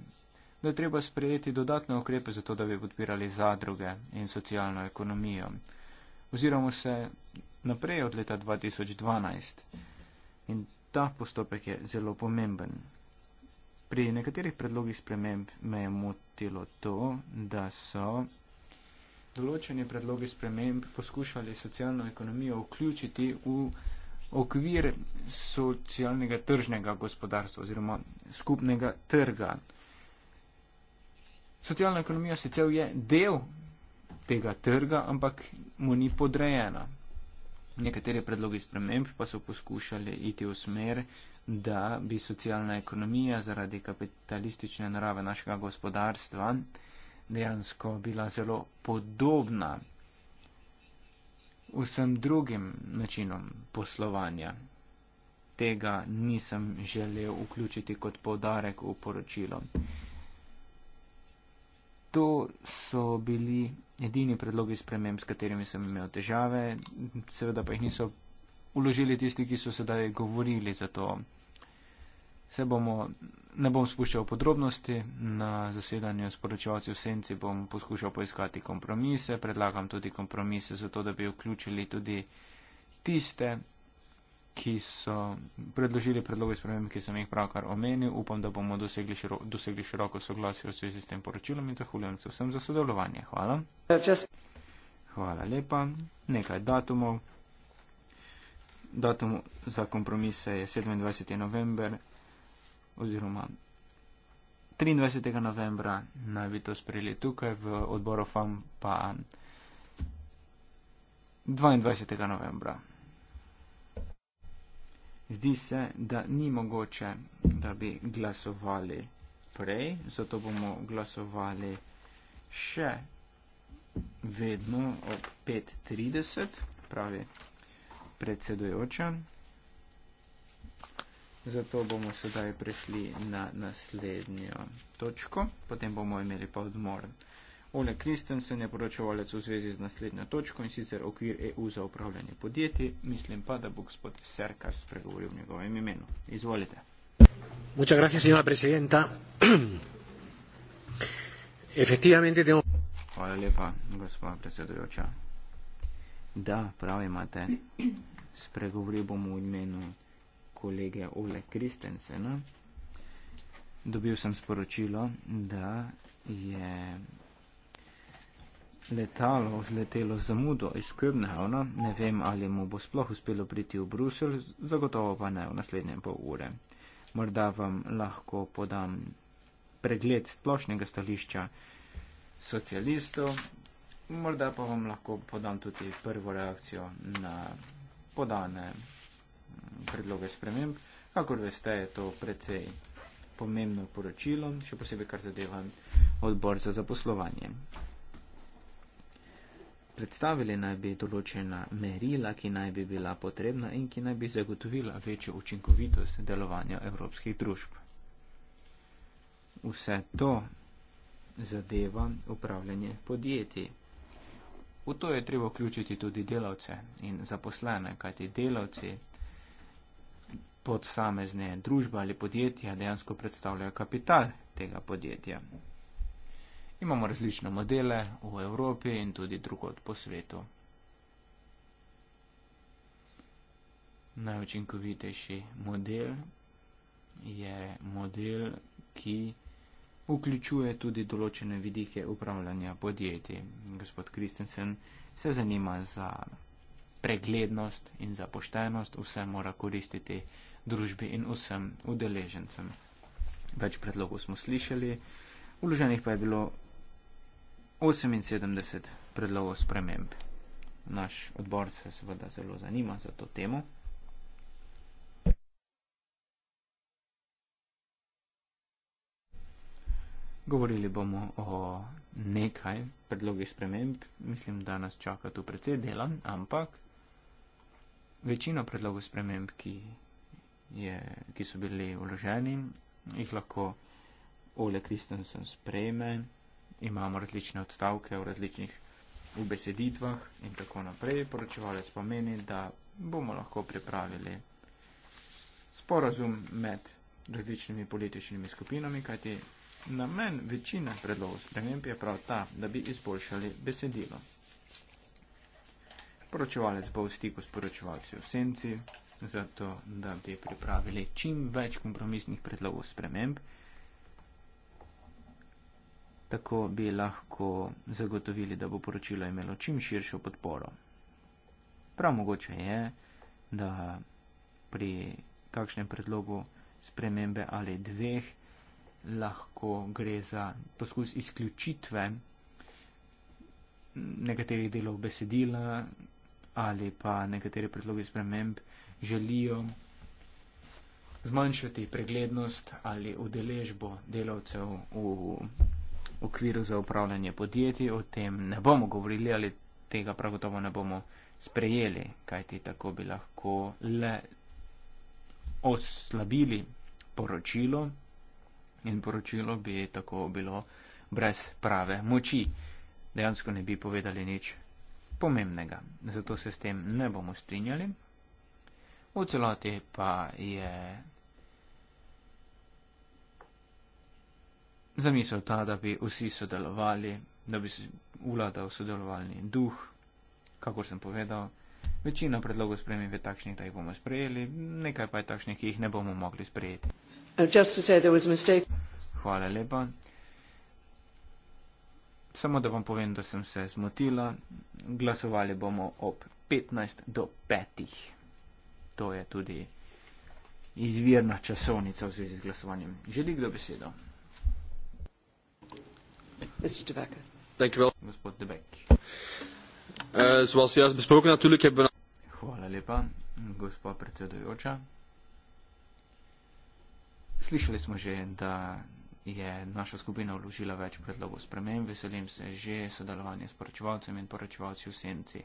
da je treba sprejeti dodatne ukrepe za to, da bi podpirali zadruge in socialno ekonomijo. Oziramo se naprej od leta 2012 in ta postopek je zelo pomemben. Pri nekaterih predlogih sprememb me je motilo to, da so določeni predlogi sprememb poskušali socialno ekonomijo vključiti v okvir socialnega tržnega gospodarstva oziroma skupnega trga. Socialna ekonomija sicer je del tega trga, ampak mu ni podrejena. Nekatere predloge sprememb pa so poskušali iti v smer, da bi socialna ekonomija zaradi kapitalistične narave našega gospodarstva dejansko bila zelo podobna vsem drugim načinom poslovanja. Tega nisem želel vključiti kot podarek v poročilo. To so bili edini predlogi sprememb, s katerimi sem imel težave, seveda pa jih niso uložili tisti, ki so sedaj govorili za to. Se bomo Ne bom spuščal podrobnosti, na zasedanju s poročevalci v senci bom poskušal poiskati kompromise, predlagam tudi kompromise za to, da bi vključili tudi tiste, ki so predložili predloge sprememb, ki sem jih pravkar omenil. Upam, da bomo dosegli, širo, dosegli široko soglasje v svezi s tem poročilom in zahvaljujem se vsem za sodelovanje. Hvala. Hvala lepa. Nekaj datumov. Datum za kompromise je 27. november oziroma 23. novembra naj bi to sprejeli tukaj v odboru FAM, pa 22. novembra. Zdi se, da ni mogoče, da bi glasovali prej, zato bomo glasovali še vedno ob 5.30, pravi predsedujoča. Zato bomo sedaj prišli na naslednjo točko, potem bomo imeli pa odmor. Ole Kristensen je poročevalec v zvezi z naslednjo točko in sicer okvir EU za upravljanje podjetij. Mislim pa, da bo gospod Serkas spregovoril v njegovem imenu. Izvolite. Muchas gracias, señora presidenta. Efectivamente, tengo. Hvala lepa, gospod predsedujoča. Da, pravi imate. Spregovoril bom v imenu kolege Ole Kristensena. Dobil sem sporočilo, da je letalo vzletelo z zamudo iz Köbnhavna. Ne vem, ali mu bo sploh uspelo priti v Bruselj, zagotovo pa ne v naslednjem pol ure. Morda vam lahko podam pregled splošnega stališča socialistov, morda pa vam lahko podam tudi prvo reakcijo na podane predloge sprememb. Kakor veste, je to precej pomembno poročilo, še posebej kar zadeva odbor za zaposlovanje. Predstavili naj bi določena merila, ki naj bi bila potrebna in ki naj bi zagotovila večjo učinkovitost delovanja evropskih družb. Vse to zadeva upravljanje podjetij. V to je treba vključiti tudi delavce in zaposlene, kajti delavci posamezne družbe ali podjetja dejansko predstavljajo kapital tega podjetja. Imamo različne modele v Evropi in tudi drugod po svetu. Najučinkovitejši model je model, ki vključuje tudi določene vidike upravljanja podjetij. Gospod Kristensen se zanima za preglednost in za poštenost, vse mora koristiti družbi in vsem udeležencem. Več predlogov smo slišali, vloženih pa je bilo 78 predlogov sprememb. Naš odbor se seveda zelo zanima za to temo. Govorili bomo o nekaj predlogih sprememb. Mislim, da nas čaka tu precej dela, ampak večino predlogov sprememb, ki je, ki so bili vloženi, jih lahko Ole Kristensen sprejme, imamo različne odstavke v različnih ubeseditvah in tako naprej. Poročevalec pomeni, da bomo lahko pripravili sporazum med različnimi političnimi skupinami, kajti namen večine predlogov sprememb je prav ta, da bi izboljšali besedilo. Poročevalec bo v stiku s poročevalci v senci, zato, da bi pripravili čim več kompromisnih predlogov sprememb. Tako bi lahko zagotovili, da bo poročilo imelo čim širšo podporo. Prav mogoče je, da pri kakšnem predlogu spremembe ali dveh lahko gre za poskus izključitve nekaterih delov besedila ali pa nekateri predlogi sprememb želijo zmanjšati preglednost ali udeležbo delavcev v okviru za upravljanje podjetij. O tem ne bomo govorili ali tega prav gotovo ne bomo sprejeli, kajti tako bi lahko le oslabili poročilo in poročilo bi tako bilo brez prave moči. Dejansko ne bi povedali nič pomembnega. Zato se s tem ne bomo strinjali v celoti pa je zamisel ta, da bi vsi sodelovali, da bi se vladal sodelovalni duh, kakor sem povedal. Večina predlogov sprememb je takšnih, da jih bomo sprejeli, nekaj pa je takšnih, ki jih ne bomo mogli sprejeti. Uh, Hvala lepa. Samo da vam povem, da sem se zmotila. Glasovali bomo ob 15 do 5 to je tudi izvirna časovnica v zvezi z glasovanjem. Želi kdo besedo? Gospod Debek. Uh, besproken, na... Hvala lepa, gospod predsedujoča. Slišali smo že, da je naša skupina vložila več predlogov sprememb. Veselim se že sodelovanja s poročevalcem in poročevalci v Senci,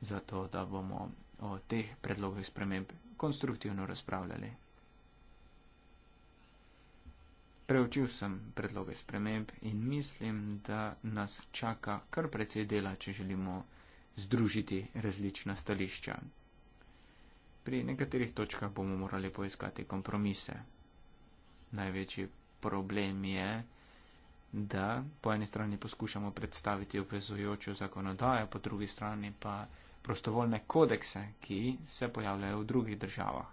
zato da bomo o teh predlogih sprememb konstruktivno razpravljali. Preučil sem predloge sprememb in mislim, da nas čaka kar precej dela, če želimo združiti različna stališča. Pri nekaterih točkah bomo morali poiskati kompromise. Največji problem je, da po eni strani poskušamo predstaviti obvezujočo zakonodajo, po drugi strani pa prostovoljne kodekse, ki se pojavljajo v drugih državah.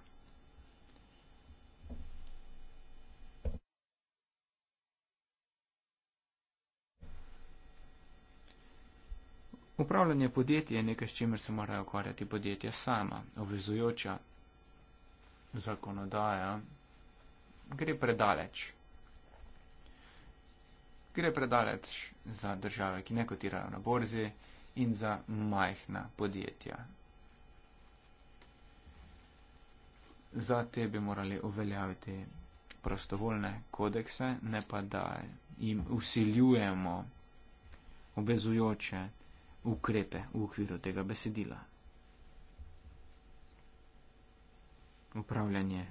Upravljanje podjetja je nekaj, s čimer se morajo ukvarjati podjetja sama. Obvezujoča zakonodaja gre predaleč. Gre predaleč za države, ki ne kotirajo na borzi, in za majhna podjetja. Za te bi morali uveljaviti prostovoljne kodekse, ne pa da jim usiljujemo obvezujoče ukrepe v okviru tega besedila. Upravljanje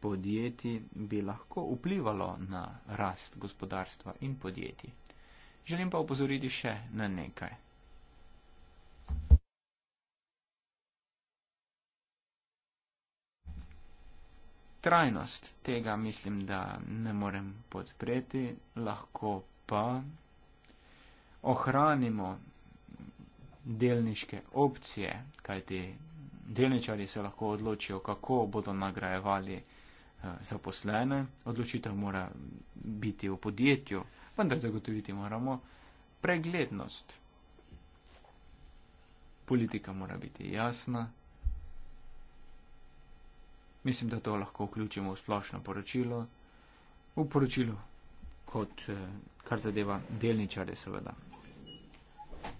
podjetij bi lahko vplivalo na rast gospodarstva in podjetij. Želim pa upozoriti še na nekaj. Trajnost tega mislim, da ne morem podpreti, lahko pa ohranimo delniške opcije, kajti delničari se lahko odločijo, kako bodo nagrajevali eh, zaposlene, odločitev mora biti v podjetju vendar zagotoviti moramo preglednost. Politika mora biti jasna. Mislim, da to lahko vključimo v splošno poročilo, v poročilo, kot eh, kar zadeva delničare, seveda.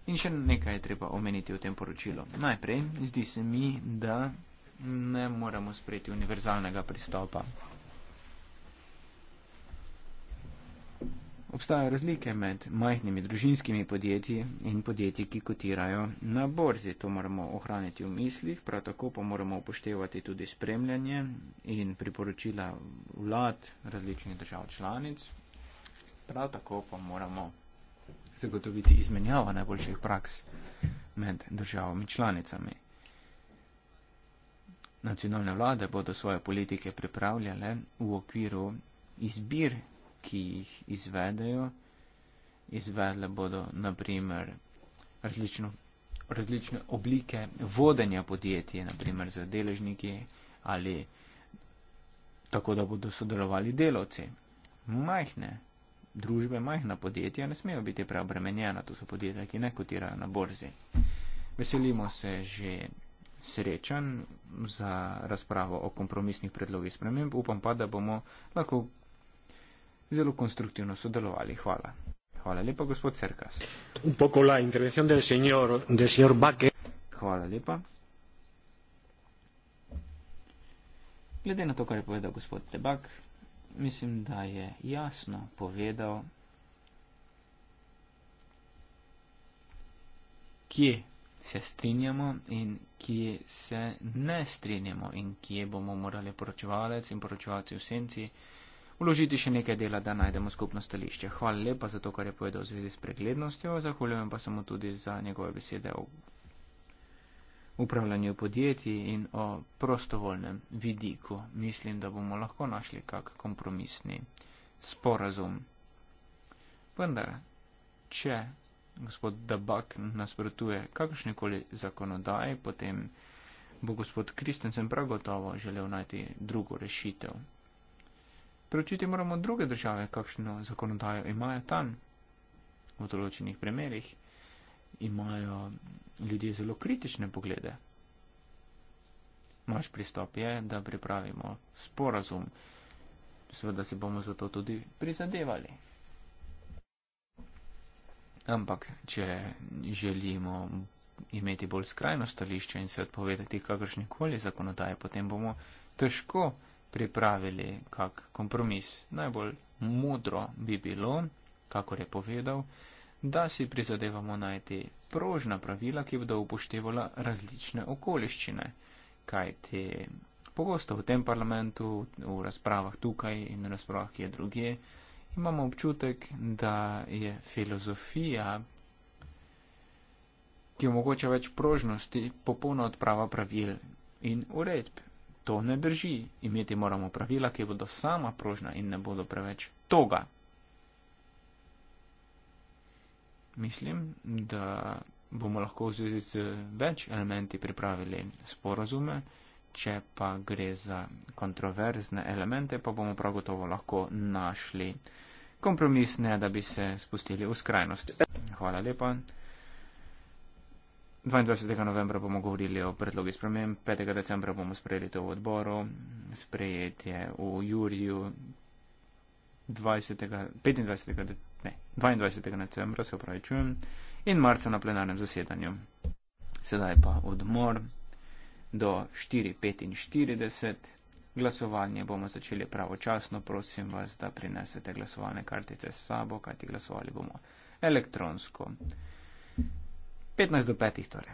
In še nekaj je treba omeniti v tem poročilu. Najprej, zdi se mi, da ne moramo sprejeti univerzalnega pristopa Obstajajo razlike med majhnimi družinskimi podjetji in podjetji, ki kotirajo na borzi. To moramo ohraniti v mislih, prav tako pa moramo upoštevati tudi spremljanje in priporočila vlad različnih držav članic. Prav tako pa moramo zagotoviti izmenjava najboljših praks med državami članicami. Nacionalne vlade bodo svoje politike pripravljale v okviru izbir ki jih izvedejo. Izvedle bodo naprimer različno, različne oblike vodenja podjetja, naprimer za deležniki ali tako, da bodo sodelovali delavci. Majhne družbe, majhna podjetja ne smejo biti preobremenjena, to so podjetja, ki ne kotirajo na borzi. Veselimo se že srečen za razpravo o kompromisnih predlogih sprememb, upam pa, da bomo lahko zelo konstruktivno sodelovali. Hvala. Hvala lepa, gospod Cerkas. Hvala lepa. Glede na to, kar je povedal gospod Tebak, mislim, da je jasno povedal, kje se strinjamo in kje se ne strinjamo in kje bomo morali poročevalec in poročevalci v senci vložiti še nekaj dela, da najdemo skupno stališče. Hvala lepa za to, kar je povedal v zvezi s preglednostjo, zahvaljujem pa samo tudi za njegove besede o upravljanju podjetij in o prostovoljnem vidiku. Mislim, da bomo lahko našli kak kompromisni sporazum. Vendar, če gospod Dabak nasprotuje kakršnekoli zakonodaji, potem bo gospod Kristensen prav gotovo želel najti drugo rešitev. Preučiti moramo druge države, kakšno zakonodajo imajo tam. V določenih primerjih imajo ljudje zelo kritične poglede. Naš pristop je, da pripravimo sporazum. Seveda si bomo za to tudi prizadevali. Ampak, če želimo imeti bolj skrajno stališče in se odpovedati kakršnekoli zakonodaje, potem bomo težko pripravili kak kompromis. Najbolj modro bi bilo, kakor je povedal, da si prizadevamo najti prožna pravila, ki bodo upoštevala različne okoliščine. Kaj ti pogosto v tem parlamentu, v razpravah tukaj in razpravah kje druge, imamo občutek, da je filozofija, ki omogoča več prožnosti, popolna odprava pravil in uredb. To ne drži. Imeti moramo pravila, ki bodo sama prožna in ne bodo preveč toga. Mislim, da bomo lahko v zvezi z več elementi pripravili sporozume, če pa gre za kontroverzne elemente, pa bomo prav gotovo lahko našli kompromis, ne da bi se spustili v skrajnost. Hvala lepa. 22. novembra bomo govorili o predlogi spremem, 5. decembra bomo sprejeli to v odboru, sprejet je v juriju 20. 25. De, ne, 22. decembra, se pravi, čujem, in marca na plenarnem zasedanju. Sedaj pa odmor do 4.45. Glasovanje bomo začeli pravočasno, prosim vas, da prinesete glasovalne kartice s sabo, kajti glasovali bomo elektronsko. 15 do 5 torej.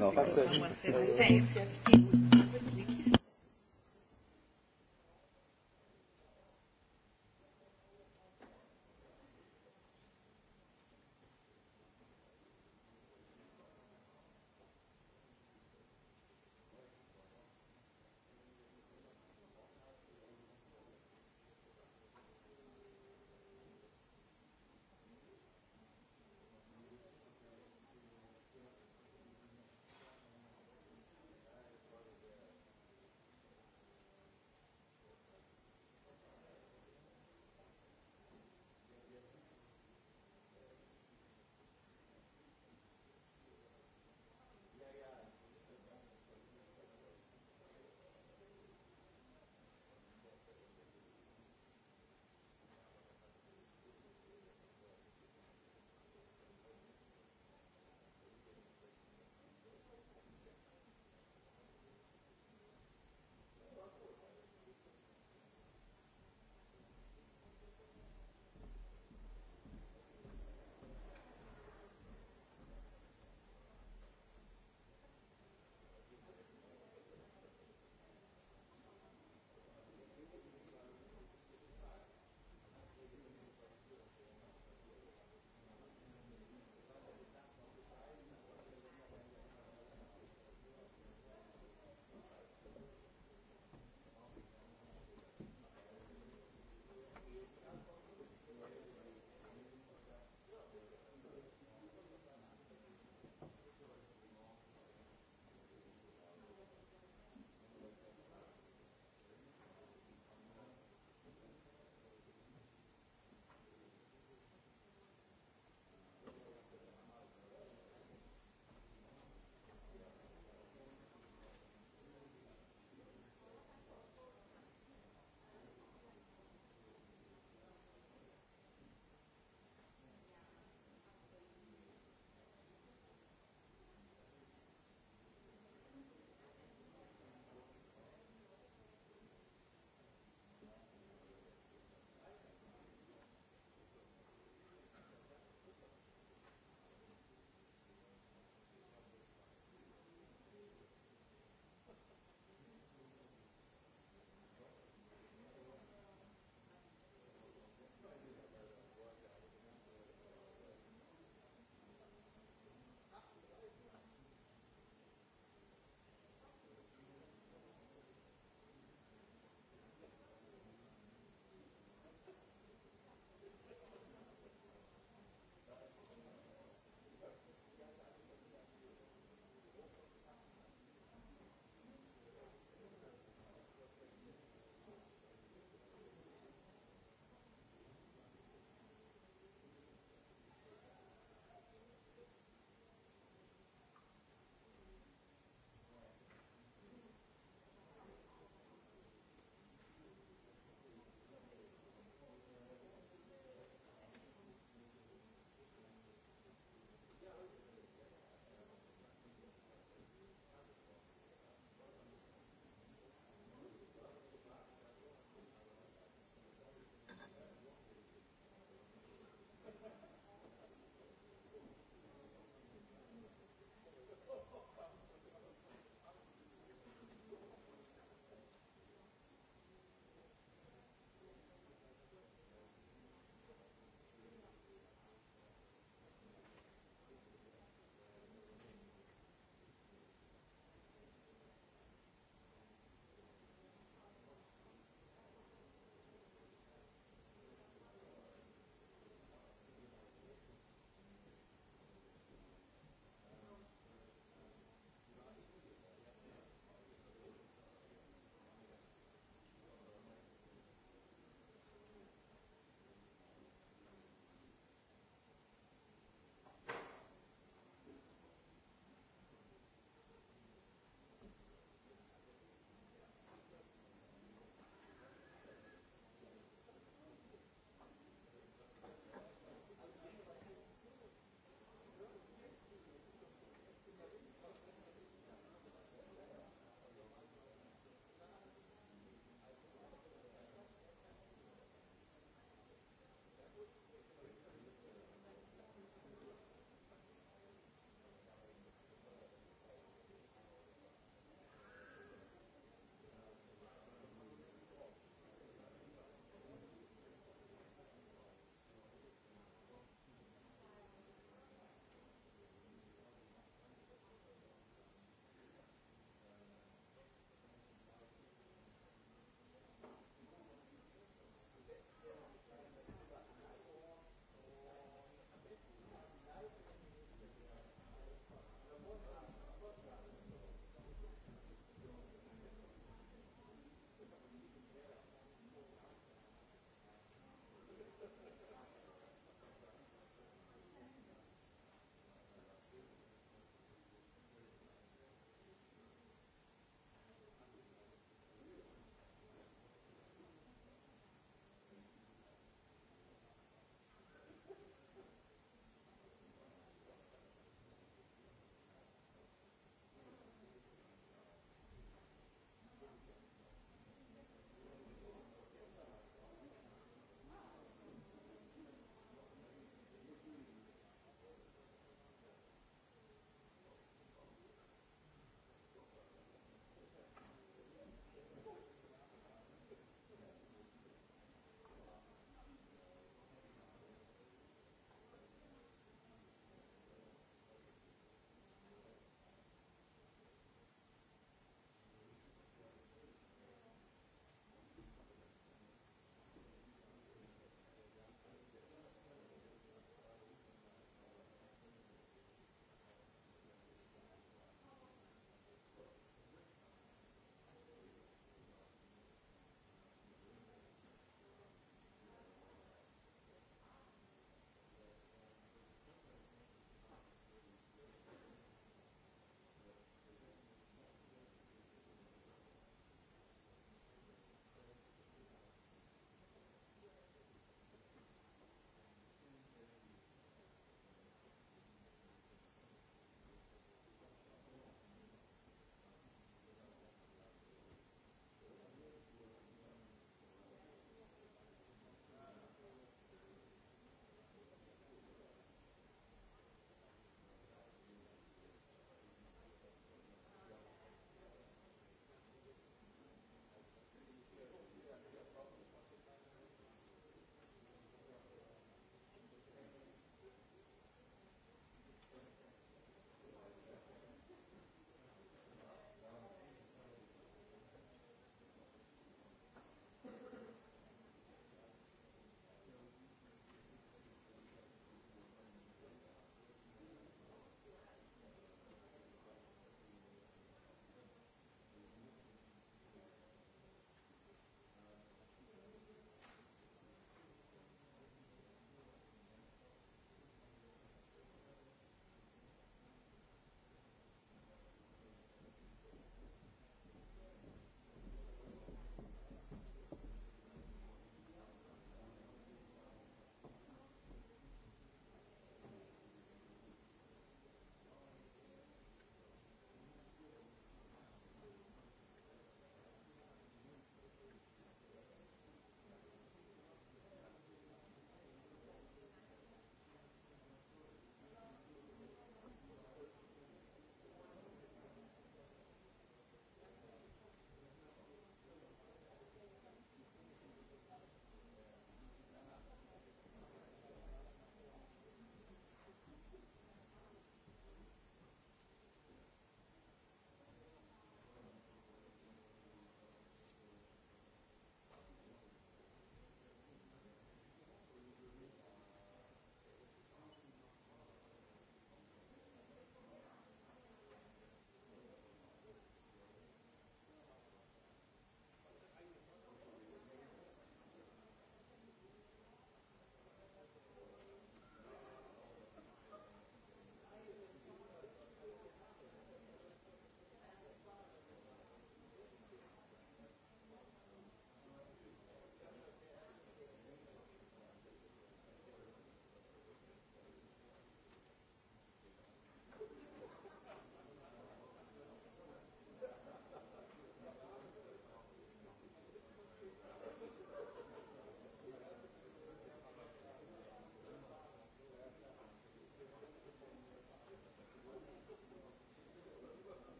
Não, não. Não, não.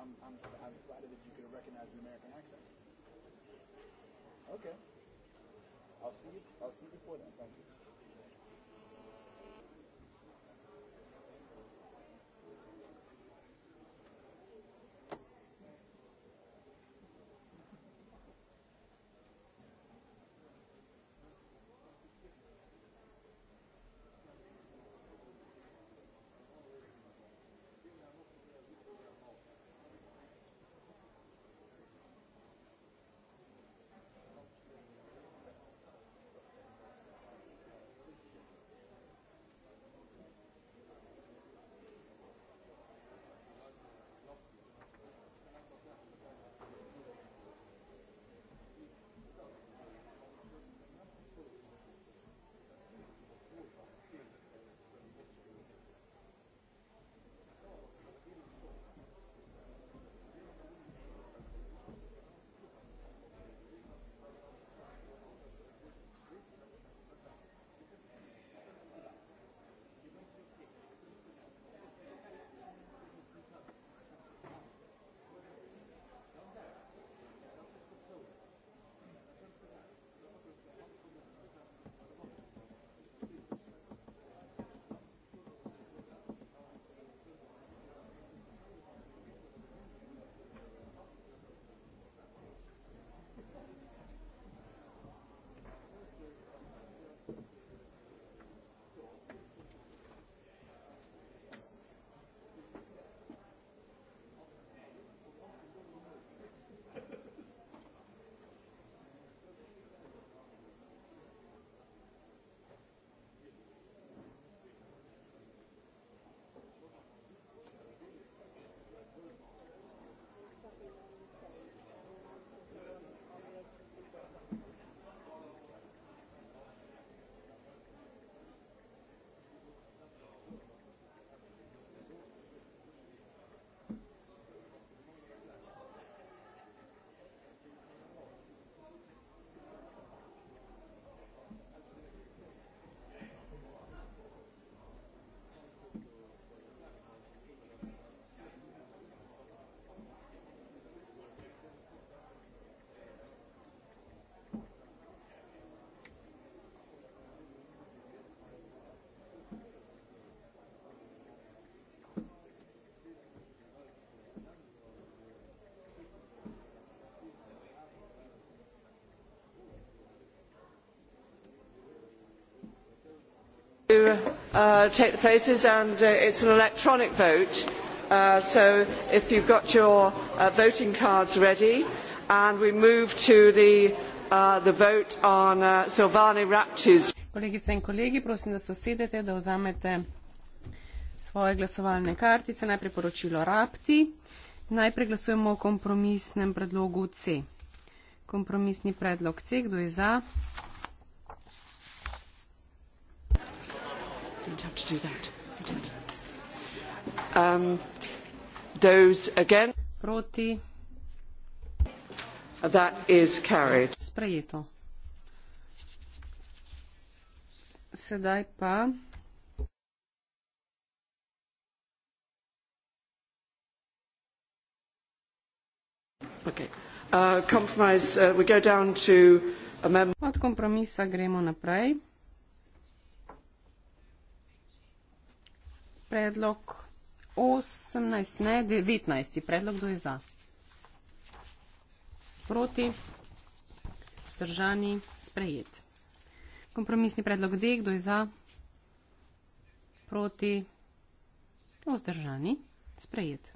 I'm, I'm, I'm flattered that you could recognize an American accent. Okay. I'll see you. I'll see you before then. Thank you. uh, take places and uh, it's an electronic vote. Uh, so if you've got your uh, voting cards ready and we move to the, uh, the vote on uh, Silvani Raptus. Kolegice in kolegi, prosim, da se usedete, da vzamete svoje glasovalne kartice, najprej poročilo Rapti, najprej glasujemo o kompromisnem predlogu C. Kompromisni predlog C, kdo je za? to do that. Um, those again. Proti. That is carried. Sprejeto. Sedaj pa. Okay. Uh, compromise, uh, we go down to a mem- Od kompromisa gremo naprej. predlog 18, ne 19. Predlog kdo je za? Proti? Vzdržani? Sprejet. Kompromisni predlog D, kdo je za? Proti? Vzdržani? Sprejet.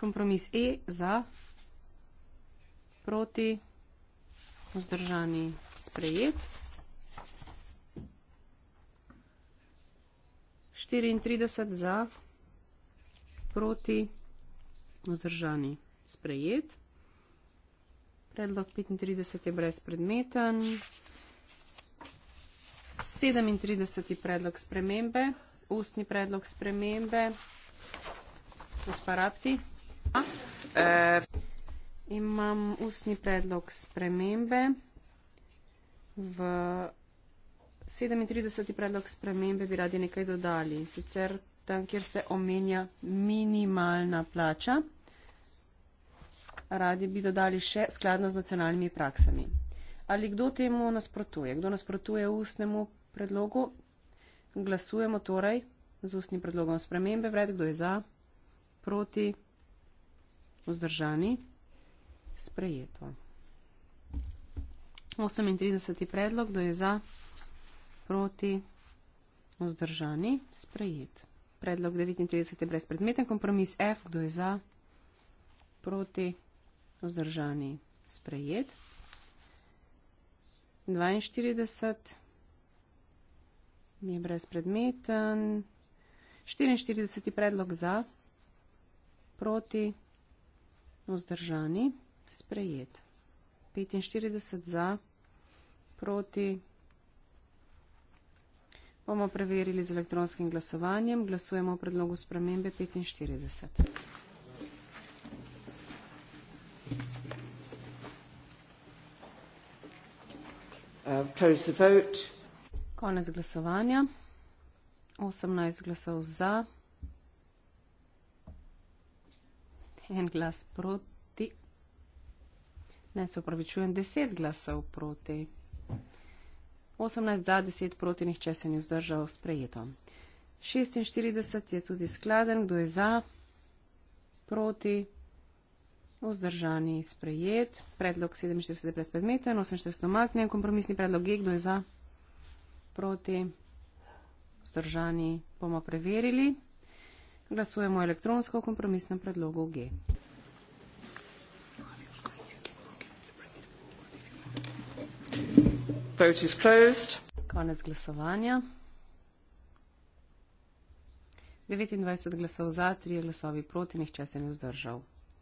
Kompromis E za, proti, vzdržani, sprejet. 34 za, proti, vzdržani, sprejet. Predlog 35 je brezpredmeten. 37. predlog spremembe, ustni predlog spremembe, gosparapti. Imam ustni predlog spremembe v 37. predlog spremembe bi radi nekaj dodali. Sicer tam, kjer se omenja minimalna plača, radi bi dodali še skladno z nacionalnimi praksami. Ali kdo temu nasprotuje? Kdo nasprotuje ustnemu predlogu? Glasujemo torej z ustnim predlogom spremembe. Vred, kdo je za, proti, vzdržani, sprejeto. 38. predlog, kdo je za, proti, vzdržani, sprejet. Predlog 39 je brezpredmeten, kompromis F, kdo je za, proti, vzdržani, sprejet. 42 je brezpredmeten, 44 je predlog za, proti, vzdržani, sprejet. 45 za, proti, vzdržani, sprejet bomo preverili z elektronskim glasovanjem. Glasujemo o predlogu spremembe 45. Uh, Konec glasovanja. 18 glasov za. En glas proti. Ne se upravičujem, 10 glasov proti. 18 za, 10 proti, nihče se ni vzdržal sprejeto. 46 je tudi skladen, kdo je za, proti, vzdržani sprejet. Predlog 47 je predmeten, 48 omaknjen, kompromisni predlog je, kdo je za, proti, vzdržani bomo preverili. Glasujemo elektronsko o kompromisnem predlogu G. Vote is closed. Konec glasovanja. 29 glasov za, 3 glasovi proti, nihče se ni vzdržal.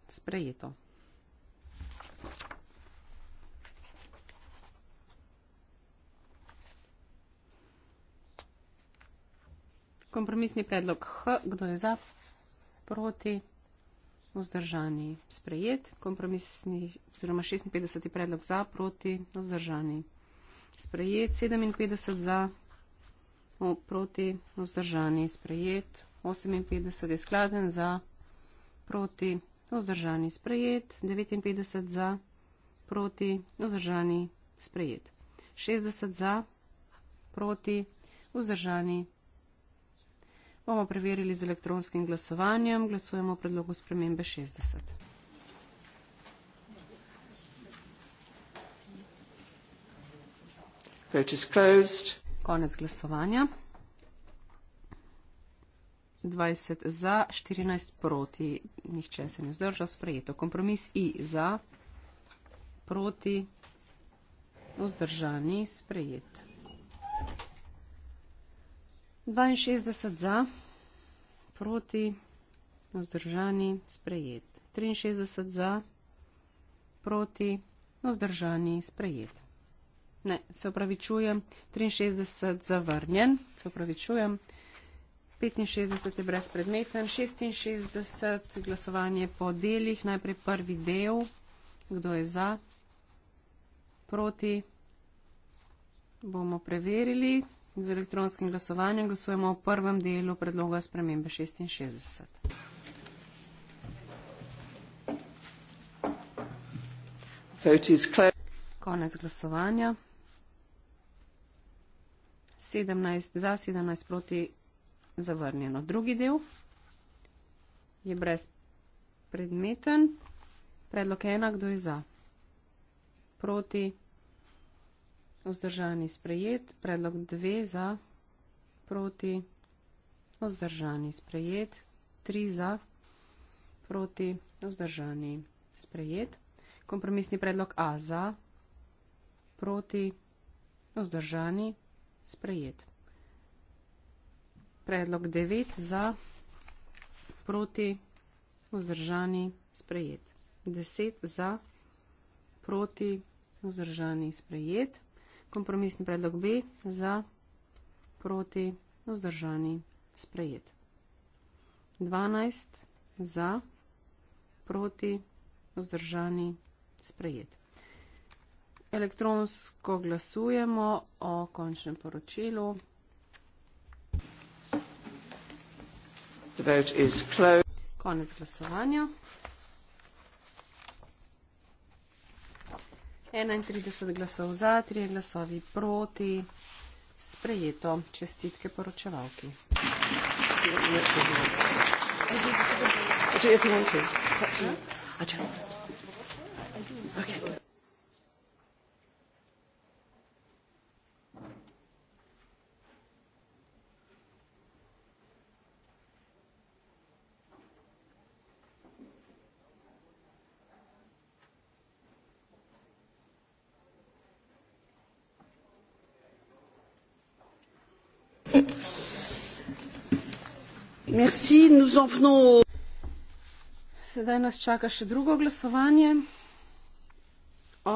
Sprejeto. Kompromisni predlog H, kdo je za, proti, vzdržani, sprejet. Kompromisni, oziroma 56 predlog za, proti, vzdržani, sprejet sprejet, 57 za, o, proti, vzdržani, sprejet, 58 je skladen za, proti, vzdržani, sprejet, 59 za, proti, vzdržani, sprejet, 60 za, proti, vzdržani. Bomo preverili z elektronskim glasovanjem. Glasujemo o predlogu spremembe 60. Vote is closed. Konec glasovanja. 20 za, 14 proti, nihče se ne vzdrža, sprejeto. Kompromis I za, proti, vzdržani, sprejet. 62 za, proti, vzdržani, sprejet. 63 za, proti, vzdržani, sprejet. Ne, se opravičujem, 63 zavrnjen, se opravičujem, 65 je brezpredmeten, 66 glasovanje po delih, najprej prvi del, kdo je za, proti, bomo preverili z elektronskim glasovanjem, glasujemo o prvem delu predloga spremembe 66. Konec glasovanja. 17 za, 17 proti zavrnjeno. Drugi del je brez predmeten. Predlog ena, kdo je za? Proti. Vzdržani sprejet. Predlog dve za. Proti. Vzdržani sprejet. Tri za. Proti. Vzdržani sprejet. Kompromisni predlog A za. Proti. Vzdržani sprejet. Predlog 9 za, proti, vzdržani, sprejet. 10 za, proti, vzdržani, sprejet. Kompromisni predlog B za, proti, vzdržani, sprejet. 12 za, proti, vzdržani, sprejet elektronsko glasujemo o končnem poročilu. Konec glasovanja. 31 glasov za, 3 glasovi proti. Sprejeto. Čestitke poročevalki. Thank you. Merci, nous en venons au... Sedaj nas čaka še drugo glasovanje o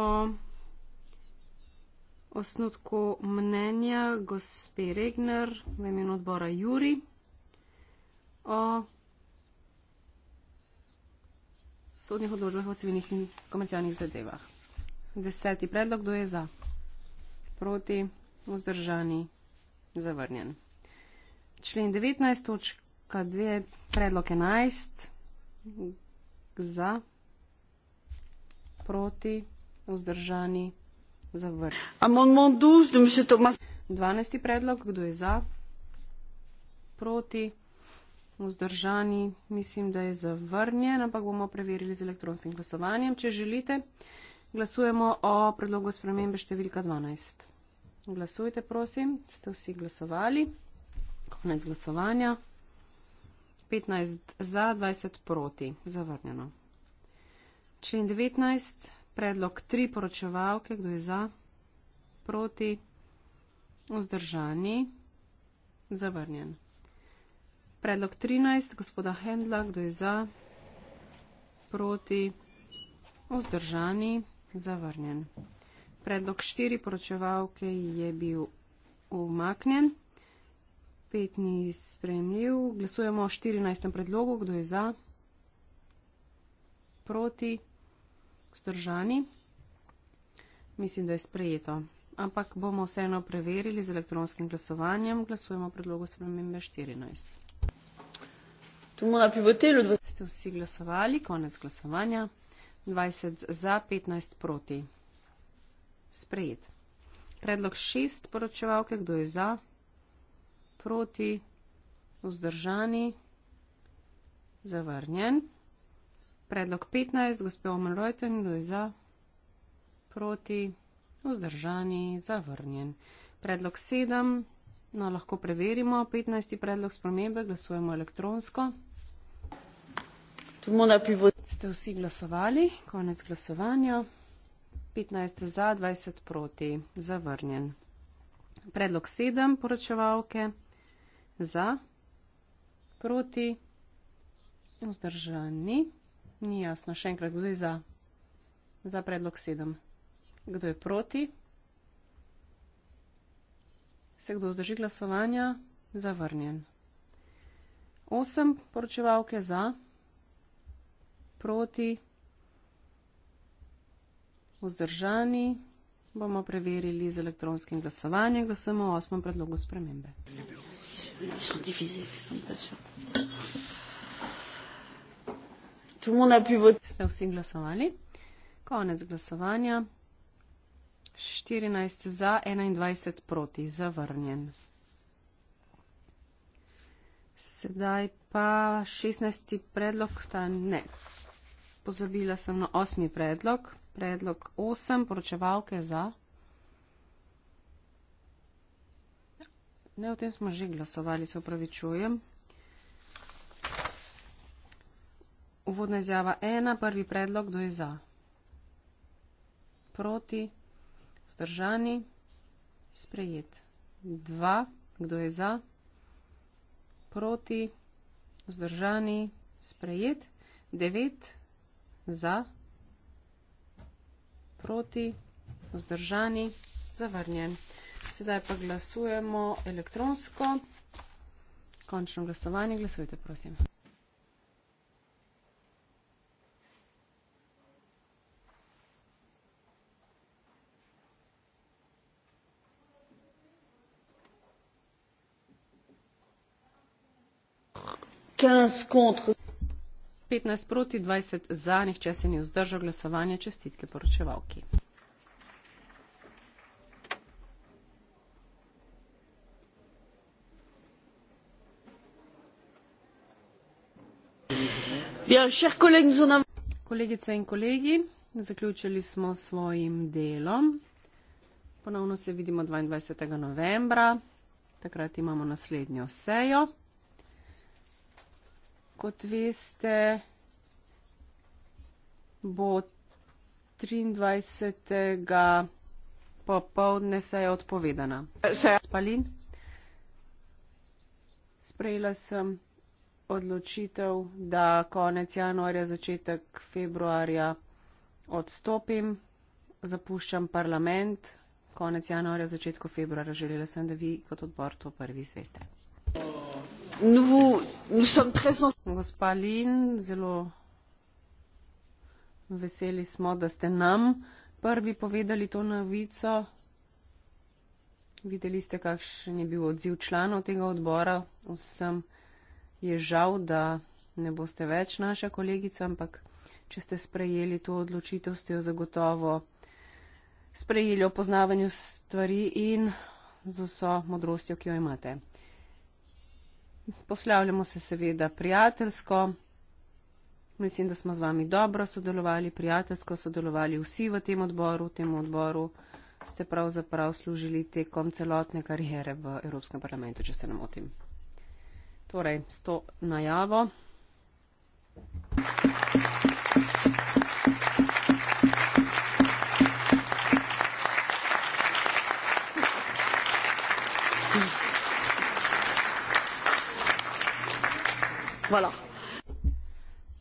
osnutku mnenja gospe Regner v imenu odbora Juri o sodnih odločbah o civilnih in komercialnih zadevah. Deseti predlog, kdo je za? Proti, vzdržani, zavrnjen. Člen 19. Točk Stavka dve, predlog enajst za, proti, vzdržani, zavrnjeni. Dvanajsti predlog, kdo je za, proti, vzdržani, mislim, da je zavrnjen, ampak bomo preverili z elektronskim glasovanjem, če želite. Glasujemo o predlogu spremembe številka 12. Glasujte, prosim, ste vsi glasovali. Konec glasovanja. 15 za, 20 proti, zavrnjeno. Člen 19, predlog 3 poročevalke, kdo je za, proti, vzdržani, zavrnjen. Predlog 13, gospoda Hendla, kdo je za, proti, vzdržani, zavrnjen. Predlog 4 poročevalke je bil umaknjen. 5 ni sprejemljiv. Glasujemo o 14. predlogu, kdo je za, proti, vzdržani. Mislim, da je sprejeto. Ampak bomo vseeno preverili z elektronskim glasovanjem. Glasujemo o predlogu spremembe 14. Ste vsi glasovali, konec glasovanja. 20 za, 15 proti. Sprejet. Predlog 6 poročevalke, kdo je za? proti, vzdržani, zavrnjen. Predlog 15, gospod Omen Reuten, kdo je za, proti, vzdržani, zavrnjen. Predlog 7, no lahko preverimo, 15. predlog spremembe, glasujemo elektronsko. Ste vsi glasovali, konec glasovanja. 15 za, 20 proti, zavrnjen. Predlog 7 poročevalke za, proti in vzdržani. Ni jasno, še enkrat, kdo je za, za predlog sedem. Kdo je proti? Se kdo zdrži glasovanja? Zavrnjen. Osem poročevalke za, proti, vzdržani. Bomo preverili z elektronskim glasovanjem. Glasujemo o osmem predlogu spremembe. Ljubil elles sont divisées comme passion. Tout le monde a pu voter. Ça aussi, nous Konec glasovanja. 14 za, 21 proti, zavrnjen. Sedaj pa 16. predlog, ta ne. Pozabila sem na 8. predlog, predlog 8, poročevalke za. Ne, o tem smo že glasovali, se upravičujem. Uvodna izjava ena, prvi predlog, kdo je za? Proti, vzdržani, sprejet. Dva, kdo je za? Proti, vzdržani, sprejet. Devet, za, proti, vzdržani, zavrnjen sedaj pa glasujemo elektronsko. Končno glasovanje, glasujte, prosim. Petnajst proti dvajset za, nihče se ni vzdržal glasovanja, čestitke poročevalki. kolegice in kolegi zaključili smo s svojim delom ponovno se vidimo 22. novembra takrat imamo naslednjo sejo kot veste bo 23. popovdne seja odpovedana spalin sprejela sem odločitev, da konec januarja, začetek februarja odstopim, zapuščam parlament. Konec januarja, začetku februarja želela sem, da vi kot odbor to prvi zveste. Gospa Lin, zelo veseli smo, da ste nam prvi povedali to novico. Videli ste, kakšen je bil odziv članov tega odbora. Vsem je žal, da ne boste več naša kolegica, ampak če ste sprejeli to odločitev, ste jo zagotovo sprejeli o poznavanju stvari in z vso modrostjo, ki jo imate. Poslavljamo se seveda prijateljsko. Mislim, da smo z vami dobro sodelovali, prijateljsko sodelovali vsi v tem odboru. V tem odboru ste pravzaprav služili tekom celotne karijere v Evropskem parlamentu, če se ne motim torej s to najavo. Hvala.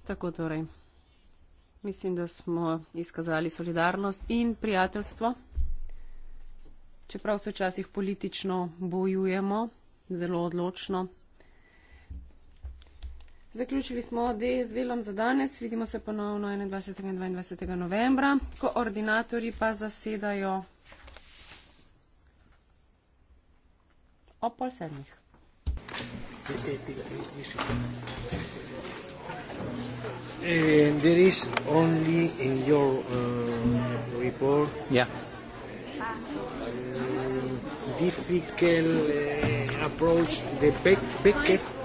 Tako torej. Mislim, da smo izkazali solidarnost in prijateljstvo. Čeprav se včasih politično bojujemo, zelo odločno, Zaključili smo D z delom za danes, vidimo se ponovno 21. in 22. novembra, koordinatori pa zasedajo ob pol sedmih. And there is only in your uh, report yeah. uh, difficult uh, approach the back, back